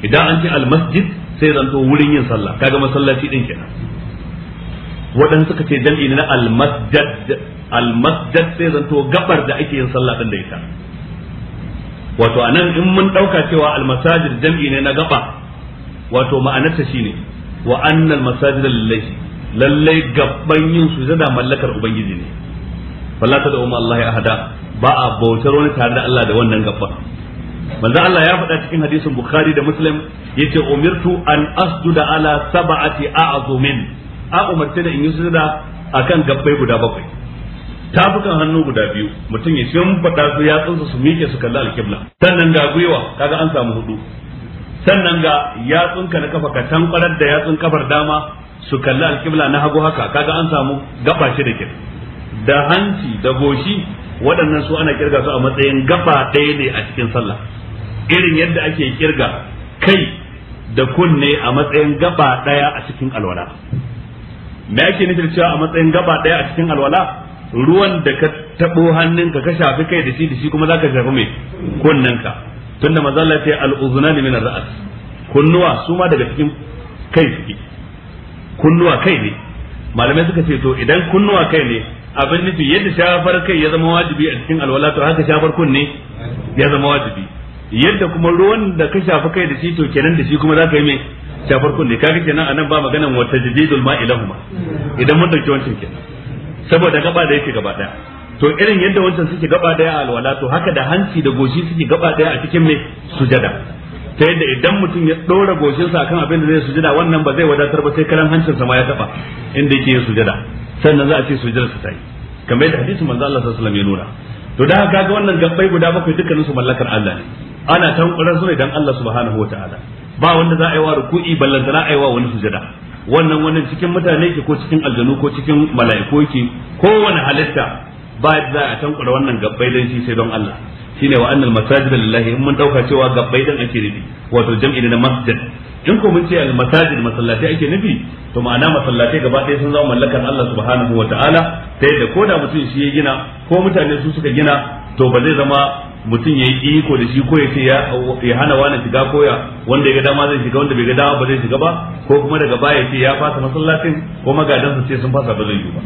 idan an ce almasjid sai zanto wurin yin sallah kaga masallaci din kenan waɗansu suka ce jam'i na almasjad almasjad sai zanto gabar da ake yin sallah din da ita wato anan in mun ɗauka cewa almasajid jam'i ne na gaba wato ma'anarta ne wa annal masajida lallai lallai gaban yin sujada mallakar ubangiji ne falla ta da umma Allah ya ahada ba a bautar wani tare da Allah da wannan gabban manzo Allah ya faɗa cikin hadisin Bukhari da Muslim yace umirtu an asjuda ala sab'ati a'zumin a umarce da in yi sujada akan gabbai guda bakwai tafukan hannu guda biyu mutum ya faɗa su yatsunsa su miƙe su kalli alƙibla sannan ga gwiwa kaga an samu hudu sannan ga yatsunka na kafa ka tankwarar da yatsun kafar dama su kalli alƙibla na hagu haka kaga an samu gaba shi da kin da hanci da goshi waɗannan su ana kirga su a matsayin gaba ɗaya ne a cikin sallah irin yadda ake kirga kai da kunne a matsayin gaba ɗaya a cikin alwala me ake nufin cewa a matsayin gaba ɗaya a cikin alwala ruwan da ka tabo hannunka ka shafi kai da shi da shi kuma zaka shafi mai kunnanka tunda maza Allah ya al-uzunani min ar-ra's kunnuwa su ma daga cikin kai suke kunnuwa kai ne malamai suka ce to idan kunnuwa kai ne abin nufi yadda shafar kai ya zama wajibi a cikin alwala to haka shafar kunne ya zama wajibi yadda kuma ruwan da ka shafi kai da shi to kenan da shi kuma zaka yi mai shafar kunne kaga kenan anan ba maganan wata jadidul ma'ilahuma idan mun dauki wancan kenan saboda gaba da yake gaba daya to irin yadda wancan suke gaba daya a alwala to haka da hanci da goshi suke gaba daya a cikin mai sujada ta yadda idan mutum ya dora goshinsa kan abin da zai sujada wannan ba zai wadatar ba sai karan hancinsa ma ya taba inda yake yin sujada sannan za a ce sujada su tayi kamar yadda hadisin manzo Allah sallallahu alaihi wasallam ya nuna to da haka ga wannan gabbai guda bakwai dukkanin su mallakar Allah ne ana tankuran su ne dan Allah subhanahu wataala ba wanda za a yi wa ruku'i ballantana a yi wa wani sujada wannan wani cikin mutane ke ko cikin aljanu ko cikin mala'iku ke kowane halitta ba za a tankura wannan gabbai dan shi sai don Allah shine wa annal masajid lillahi in mun dauka cewa gabbai dan ake nufi wato jam'i na masjid in ko mun ce al masajid masallatai ake nufi to ma'ana masallatai gaba ɗaya sun zama mallakar Allah subhanahu wataala ta yadda ko da mutum shi ya gina ko mutane su suka gina to ba zai zama mutum ya yi iko da shi ko ya ce ya hana wani shiga ko ya wanda ya ga dama zai shiga wanda bai ga dama ba zai shiga ba ko kuma daga baya ce ya fasa masallacin ko magadan su ce sun fasa ba zai yi ba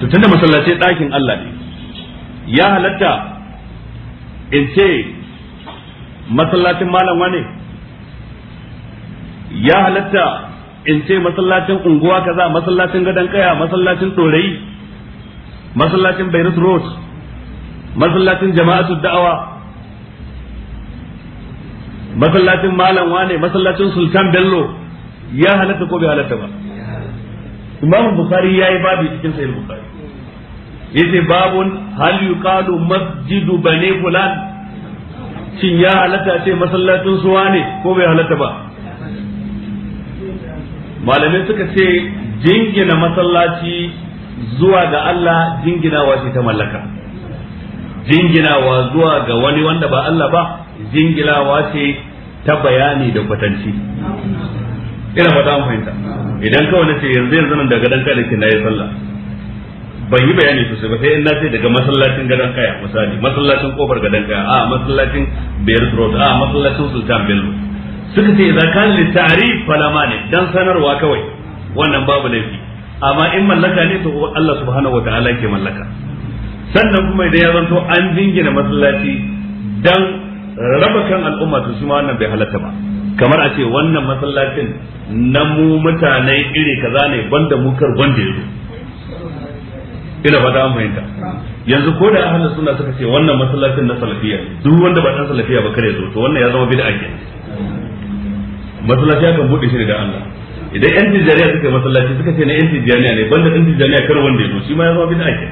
to tunda masallaci ɗakin Allah ne ya halatta in ce masallacin malam wane ya halatta in ce masallacin unguwa kaza masallacin gadon kaya masallacin dorayi masallacin bayrus Road masallacin jama'atu da'awa masallacin malam wane masallacin sultan bello ya halatta ko bai halatta ba imam bukhari yayi babu cikin sahih bukhari yace babun hal yuqalu masjidu bani fulan shin ya halatta ce masallacin su wane ko bai halatta ba malamai suka ce jingina masallaci zuwa ga Allah jinginawa ce ta mallaka jinginawa zuwa ga wani wanda ba Allah ba jingilawa ce ta bayani da kwatanci ina fata mu fahimta idan kawai ce yanzu yanzu nan daga dan kada kina yi sallah ban yi bayani sosai ba sai in na ce daga masallacin gadan kaya misali masallacin kofar gadan kaya a masallacin Beirut Road a masallacin Sultan Bello suka ce idan kan li ta'rif fala mani dan sanarwa kawai wannan babu laifi amma in mallaka ne to Allah subhanahu wataala ke mallaka sannan kuma idan ya zanto an jingina masallaci dan raba kan al'umma to shi ma wannan bai halatta ba kamar a ce wannan masallacin na mu mutane iri kaza ne banda mu kar banda yazo ina ba da fahimta yanzu ko da ahlus sunna suka ce wannan masallacin na salafiya duk wanda ba dan salafiya ba kare zo to wannan ya zama bid'a ke masallaci kan bude shi da Allah idan yan tijariya suka yi masallaci suka ce na yan tijariya ne banda yan tijariya kar wanda yazo shi ma ya zama bid'a ke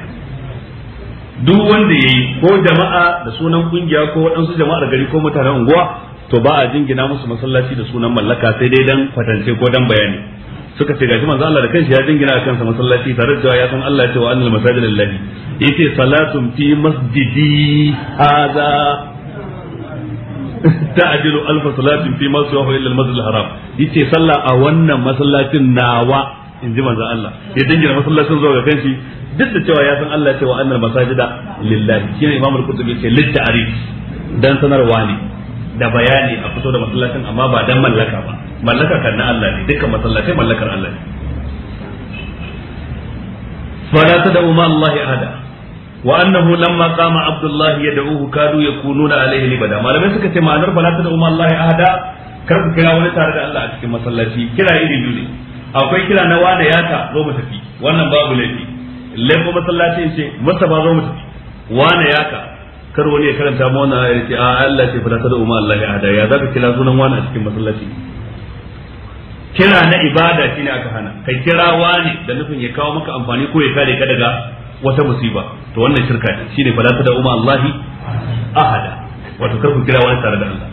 duk wanda ya yi ko jama'a da sunan kungiya ko waɗansu jama'ar gari ko mutanen unguwa to ba a jingina musu masallaci da sunan mallaka sai dai dan kwatance ko dan bayani suka ce gashi manzo Allah da kanshi ya jingina kansa masallaci tare da ya san Allah ya ce wa annal masajid lillahi yace salatun fi masjidi hada ta'dilu alf salatin fi masjidi illa al-masjid al yace sallah a wannan masallacin nawa in ji Allah ya dangina masallacin zuwa ga kanshi duk da cewa ya san Allah cewa annal masajida lillahi shine imam al-qurtubi ce litta'ari dan sanarwa ne da bayani a fito da masallacin amma ba dan mallaka ba mallaka kan na Allah ne dukkan masallacin mallakar Allah ne fala tad'u ma Allah ahada wa annahu lamma qama Abdullah yad'uhu kadu yakununa alayhi libada malamai suka ce ma'anar fala tad'u ma Allah ahada kar ku kira wani tare da Allah a cikin masallaci kira iri akwai kira na wane yata zo mu tafi wannan babu laifi laifin masallacin ce masa ba zo mu tafi wane yata kar wani ya karanta mu wannan ayar ce a Allah ce fa tada umma Allah ya hada ya zaka kira sunan wani a cikin masallaci kira na ibada shine aka hana kai kira wani da nufin ya kawo maka amfani ko ya kare ka daga wata musiba to wannan shirka ce shine fa tada umma Allah ahada wato kar ku kira wani tare da Allah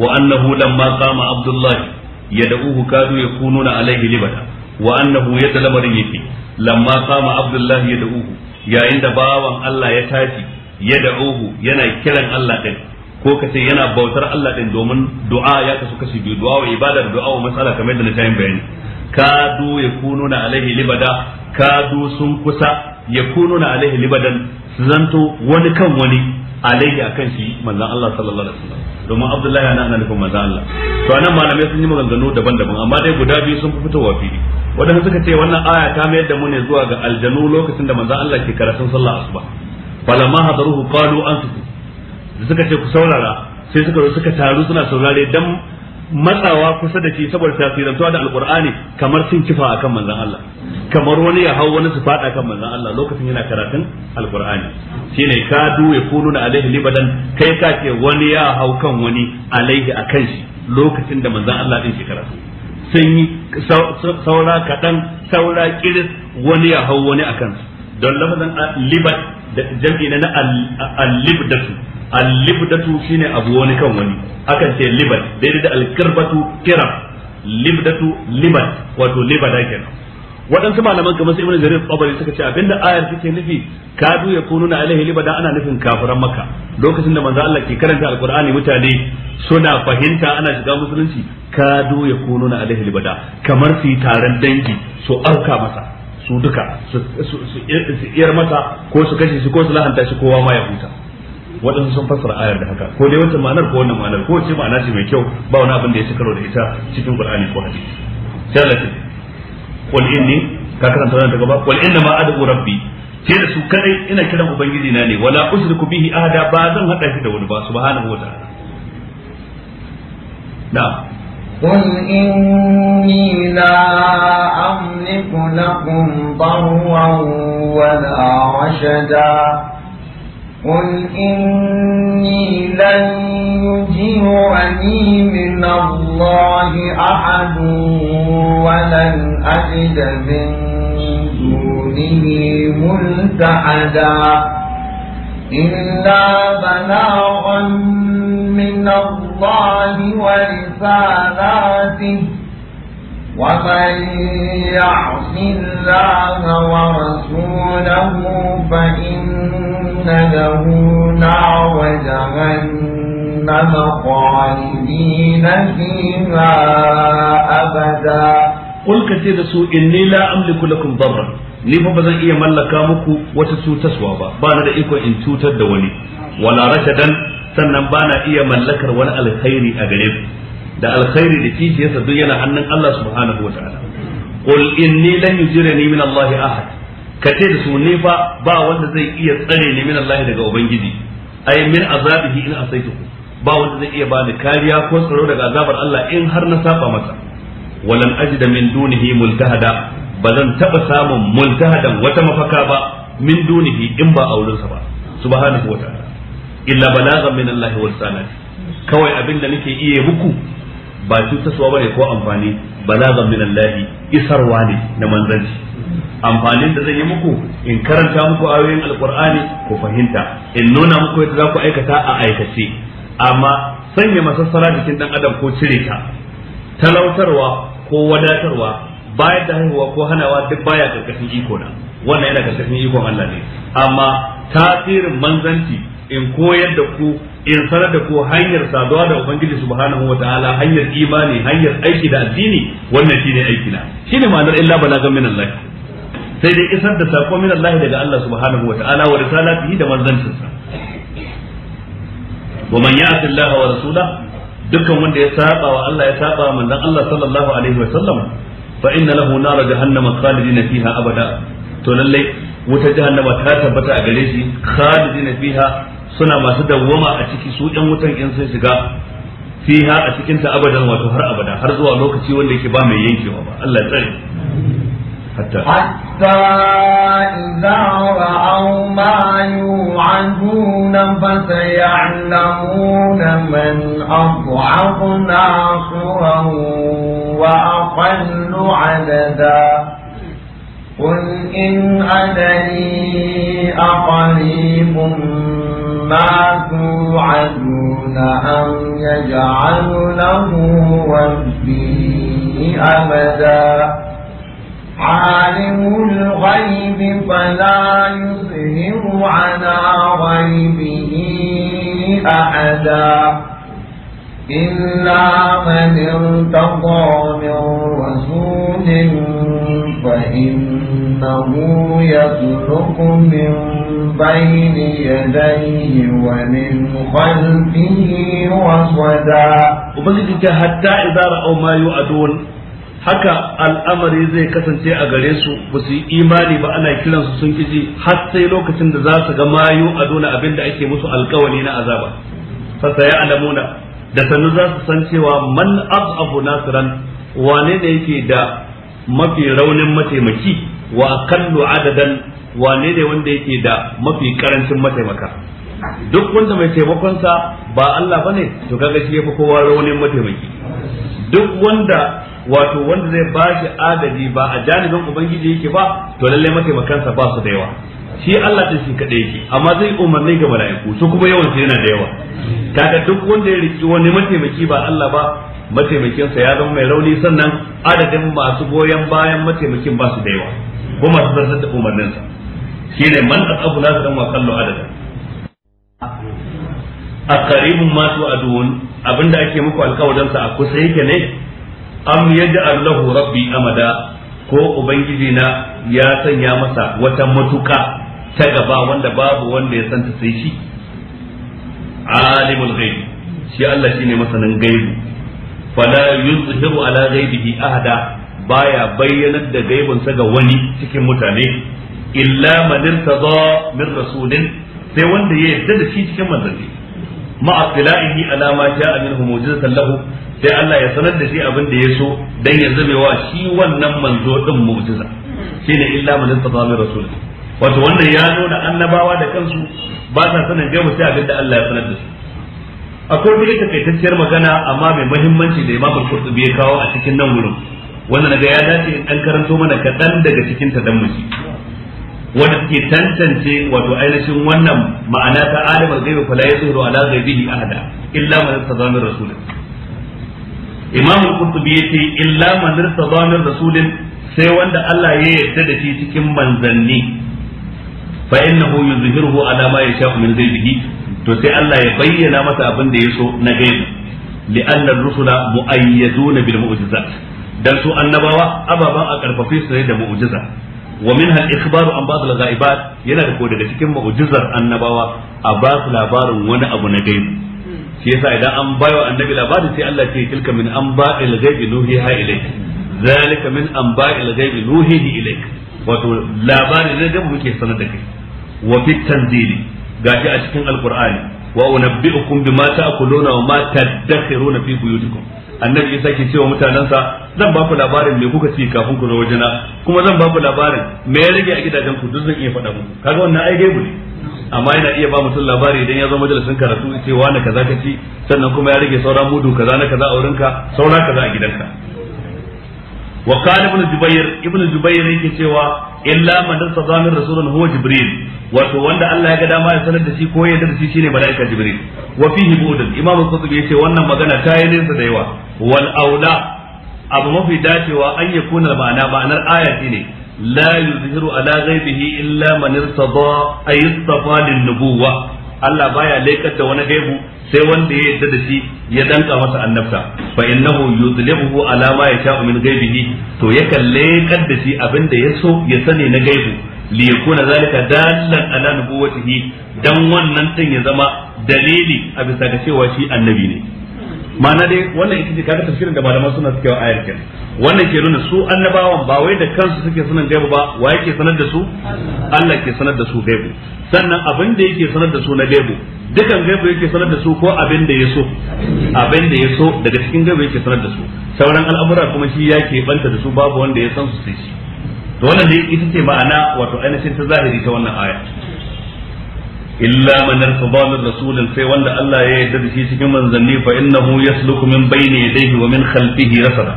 wa annahu lamma qama abdullahi yad'uhu kadu yakununa Alayhi libata wa annahu yadda lamarin yake lamma qama abdullahi yad'uhu yayin da bawan Allah ya tashi yad'uhu yana kiran Allah din ko ka ce yana bautar Allah din domin du'a ya kasu kashi biyu du'a wa ibada da du'a wa matsala kamar da na tayin bayani kadu yakununa Alayhi libada kadu sun kusa yakununa Alayhi libadan su zanto wani kan wani alaihi akan shi manzon Allah sallallahu alaihi wasallam domin abdullahi ya ana nufin manzon Allah to anan malamai sun yi maganganu daban-daban amma dai guda biyu sun fi fitowa fili wadanda suka ce wannan aya ta mayar da mu ne zuwa ga aljanu lokacin da manzon Allah ke karatun sallah asuba falamma hadaruhu qalu da suka ce ku saurara sai suka zo suka taru suna saurare dan matsawa kusa da shi saboda tasirantuwa da alkur'ani kamar sun kifa akan manzan Allah kamar wani ya hau wani su fada kan manzan Allah lokacin yana karatun alkur'ani ne ka duwe ya kunu na alaihi libadan kai ka ce wani ya hau kan wani alaihi akan shi lokacin da manzan Allah din shi karatu sun yi saura kaɗan saura kiris wani ya hau wani a kansu don lafazan libad da jam'i na al-libdatu al-libdatu shine abu wani kan wani akan ce libat daidai da al karbatu kiram libdatu libat wato libada kenan waɗansu malaman kamar su ibn jarir Tabari suka ce abinda ayar take nufi kadu ya kununa alaihi libada ana nufin kafiran maka. lokacin da manzo Allah ke karanta alqur'ani mutane suna fahimta ana shiga musulunci kadu ya kununa alaihi libada kamar su taron dangi su auka masa su duka su iyar mata, ko su kashe shi ko su lahanta shi kowa ma ya huta waɗansu sun fassara ayar da haka ko dai wancan ma'anar ko wannan ma'anar ko ce ma'ana ce mai kyau ba wani abin da ya karo da ita cikin qur'ani ko hadisi sai Allah ya qul inni ka karanta wannan daga ba qul inna ma ad'u rabbi ce da su kadai ina kiran ubangiji na ne wala usriku bihi ahada ba zan hada shi da wani ba subhanahu wa ta'ala na'am قل إني لا أملك لكم ضرا ولا رشدا قل إني لن يجيرني من الله أحد ولن أجد من دونه ملتحدا إلا بلاغا من الله ورسالاته ومن يعص الله ورسوله فإن له نار جهنم خالدين فيها أبدا قل كثير سوء إني لا أملك لكم ضرا ni fa ba zan iya mallaka muku wata cutaswa ba ba na da ikon in cutar da wani wala rashadan sannan ba na iya mallakar wani alkhairi a gare ku da alkhairi da kishiyarsa duk yana hannun Allah subhanahu wa ta'ala qul inni lan yujirani min Allah ahad kace da su ne fa ba wanda zai iya tsare ni min Allah daga ubangiji ay min azabihi in asaitu ba wanda zai iya bani kariya ko tsaro daga azabar Allah in har na saba masa walan ajida min dunihi multahada zan taba samun multahadan wata mafaka ba min dunihi in ba sa ba subhanahu wa ta'ala illa balagan min Allah wa sanati kawai abinda nake iya muku ba ba bane ko amfani balagan min Allah isarwa ne na manzanci amfanin da zan yi muku in karanta muku ayoyin alqur'ani ku fahimta in nuna muku yadda za ku aikata a aikace amma sanya masassara jikin dan adam ko cire ta talautarwa ko wadatarwa bayar da haihuwa ko hanawa duk baya karkashin iko na wannan yana karkashin ikon Allah ne amma tasirin manzanci in koyar da ku in sanar da ku hanyar saduwa da ubangiji subhanahu wa ta'ala, hanyar imani hanyar aiki da addini wannan shine aiki na shine ma'anar illa balagan min Allah sai dai isar da sako min Allah daga Allah subhanahu wa wataala wa risalatihi da manzancinsa wa man ya'ti Allah wa rasula dukkan wanda ya saba wa Allah ya saba wa manzon Allah sallallahu alaihi wa sallam fa inna lahu nar jahannama khalidina fiha abada to lalle wuta jahannama ta tabbata a gare shi khalidina fiha suna masu dawwama a ciki su ɗan wutan in sun shiga fiha a cikin ta abadan wato har abada har zuwa lokaci wanda yake ba mai yankewa ba Allah ya tsare حتى حتى إذا رأوا ما يوعدون فسيعلمون من أضعف ناصرا وأقل عددا قل إن أدري أقريب ما توعدون أم يجعل له ربي أمدا عالم الغيب فلا يظهر على غيبه أحدا إلا من ارتضى من رسول فإنه يخلق من بين يديه ومن خلفه وصدا وبذلك حتى إذا رأوا ما يؤدون haka al'amari zai kasance a gare su ba su yi imani ba ana kiransu sun kiji har sai lokacin da za su ga mayu a dona abin da ake musu alkawari na azaba fasa ya alamuna da sannu za su san cewa man Abu nasiran wane ne yake da mafi raunin mataimaki wa kallu adadan wane ne wanda yake da mafi karancin mataimaka duk wanda mai taimakonsa ba Allah bane to kaga shi yafi kowa raunin mataimaki duk wanda wato wanda zai ba shi adadi ba a janibin ubangiji yake ba to lalle mataimakansa ba su da yawa shi Allah din shi kadai yake amma zai umarni ga mala'iku su kuma yawan yana da yawa kaga duk wanda ya riki wani mataimaki ba Allah ba mataimakinsa ya zama mai rauni sannan adadin masu goyon bayan mataimakin ba su da yawa ko masu zartar da umarninsa ne, man asabu ɗan wasan kallo adadin a karibin masu adun abinda ake muku alkawarinsa a kusa yake ne am yaj'al lahu rabbi amada ko ubangiji na ya sanya masa wata matuka ta gaba wanda babu wanda ya santa sai shi alimul ghaib shi Allah shine masanin gaibu fala yuzhiru ala ghaibihi ahada baya bayyanar da gaibansa ga wani cikin mutane illa man irtada min rasulin sai wanda ya yarda da shi cikin manzanni ma'a tila'ihi ala ma ja'a minhu mu'jizatan lahu sai Allah ya sanar da shi abin da ya so dan ya zamewa shi wannan manzo din mu'jiza shine illa man irtada min rasulin wato wannan ya nuna annabawa da kansu ba sa sanin gaibu sai abin da Allah ya sanar da su akwai wata takaitacciyar magana amma mai muhimmanci da imamul qurtubi ya kawo a cikin nan wurin wanda naga ya dace in dan karanto mana kaɗan daga cikin ta dan mushi wanda ke tantance wato ainihin wannan ma'ana ta alimul ghaibi fala yuzhiru ala ghaibihi ahada illa man tazama rasulin imamul qurtubi yace illa man tazama rasulin sai wanda Allah ya yarda da shi cikin manzanni fa innahu yuzhiruhu ala ma yasha'u min ghaibihi to sai Allah ya bayyana masa abin da ya so na gaibi li'anna rusula mu'ayyaduna bil mu'ujiza. dan su annabawa ababan a karfafe su ne da mu'jiza wa min al-ikhbar an ba'd al-ghaibat yana da ko daga cikin mu'ujizar annabawa a ba su labarin wani abu na gaibi shi yasa idan an bayo annabi labari sai Allah ce tilka min anba'il ghaibi nuhiha ilayk zalika min anba'il ghaibi nuhihi ilayk wato labarin ne da muke sanar da kai wa fit tanzili gashi a cikin alqur'ani wa unabbi'ukum bima ta'kuluna wa ma tadakhiruna fi buyutikum annabi isa ke cewa mutanansa zan ba ku labarin me kuka ci kafin ku zo wajena kuma zan ba ku labarin me ya rage a gidajen ku duk zan iya faɗa muku kaga wannan ai gaibu ne amma yana iya ba mutum labari idan ya zo majalisin karatu ce wa na kaza ka ci sannan kuma ya rage sauran mudu kaza na kaza a wurinka saura kaza a gidanka wa qala ibn jubayr ibn yake cewa illa man tasaba rasulun huwa jibril wato wanda Allah ya ga dama ya sanar da shi ko ya yarda da shi shine malaika jibril wa fihi budun imam al-qutubi yace wannan magana ta yi nesa da yawa wal aula abu mafi dacewa an yakuna ma'ana ma'anar aya ne la yuzhiru ala ghaibihi illa man irtada ay istafa lin nubuwah Allah baya laikar da wani gaibu sai wanda ya yadda da shi ya danka masa annabta fa innahu yudlibuhu ala ma yasha'u min ghaibihi to yakan laikar da shi abinda ya so ya sani na gaibu li yakuna zalika dallan ala nubuwwatihi dan wannan din ya zama dalili a bisa ga cewa shi annabi ne ma'ana dai wannan ita ce kaga tafsirin da malaman suna suke ayar kenan wannan ke nuna su annabawan ba wai da kansu suke sanin gaibu ba wa yake sanar da su Allah ke sanar da su gaibu sannan abin da yake sanar da su na gaibu dukan gaibu yake sanar da su ko abin da ya abin da ya so daga cikin gaibu yake sanar da su sauran al'amura kuma shi ya ke banta da su babu wanda ya san su sai shi to wannan dai ita ce ma'ana wato ainihin ta zahiri ta wannan aya illa man irtada min rasulin sai wanda Allah ya yarda da shi cikin manzanni fa innahu yasluku min bayni yadayhi wa min khalfihi rasada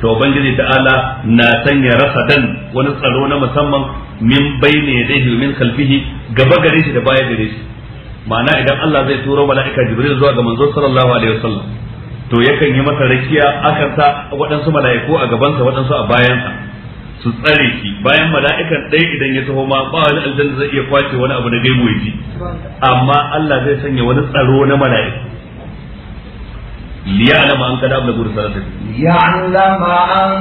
to ubangiji ta'ala na sanya rasadan wani tsaro na musamman min bayni yadayhi wa min khalfihi gaba gare shi da baya gare shi ma'ana idan Allah zai turo mala'ika Jibril zuwa ga manzo sallallahu alaihi wasallam to yakan yi masa rakiya akan sa waɗansu mala'iku a gabansa waɗansu a bayansa su tsare shi bayan mala'ikan ɗaya idan ya taho ma ba wani aljanna zai iya kwace wani abu da dai wuce amma Allah zai sanya wani tsaro na mala'ika liya alama an kada abu da gudu sarrafa ya alama an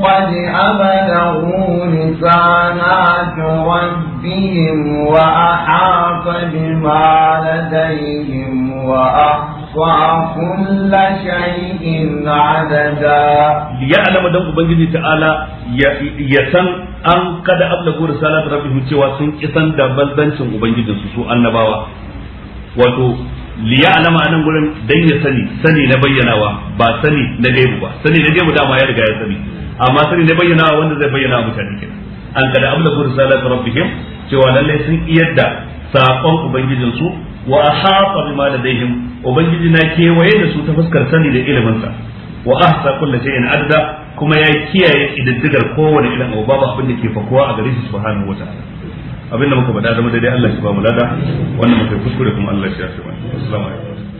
kwaje abada wuni sana ta wabbihim wa a bi ma ladayhim أحصى كل شيء عددا ليعلم دم بنجد تعالى يسن أن قد أبلغوا رسالة ربهم cewa sun kisan da balbancin ubangijinsu su su annabawa wato liya'lama anan gurin dan ya sani sani na bayyanawa ba sani na gaibu ba sani na gaibu dama ya riga ya sani amma sani na bayyanawa wanda zai bayyana mutane kenan an kada ablagu risalatu rabbihim cewa lalle sun iyadda sakon ubangijin su wa ahata bima ladaihim ubangiji na kewaye da su ta fuskar sani da ilimin sa wa ahsa kullu shay'in kuma ya kiyaye ididdigar kowane irin abu babu abin da ke fakuwa a gare shi subhanahu wataala abinda muka faɗa zama daidai Allah shi ba mu lada wannan muke kuskure kuma Allah shi ya fi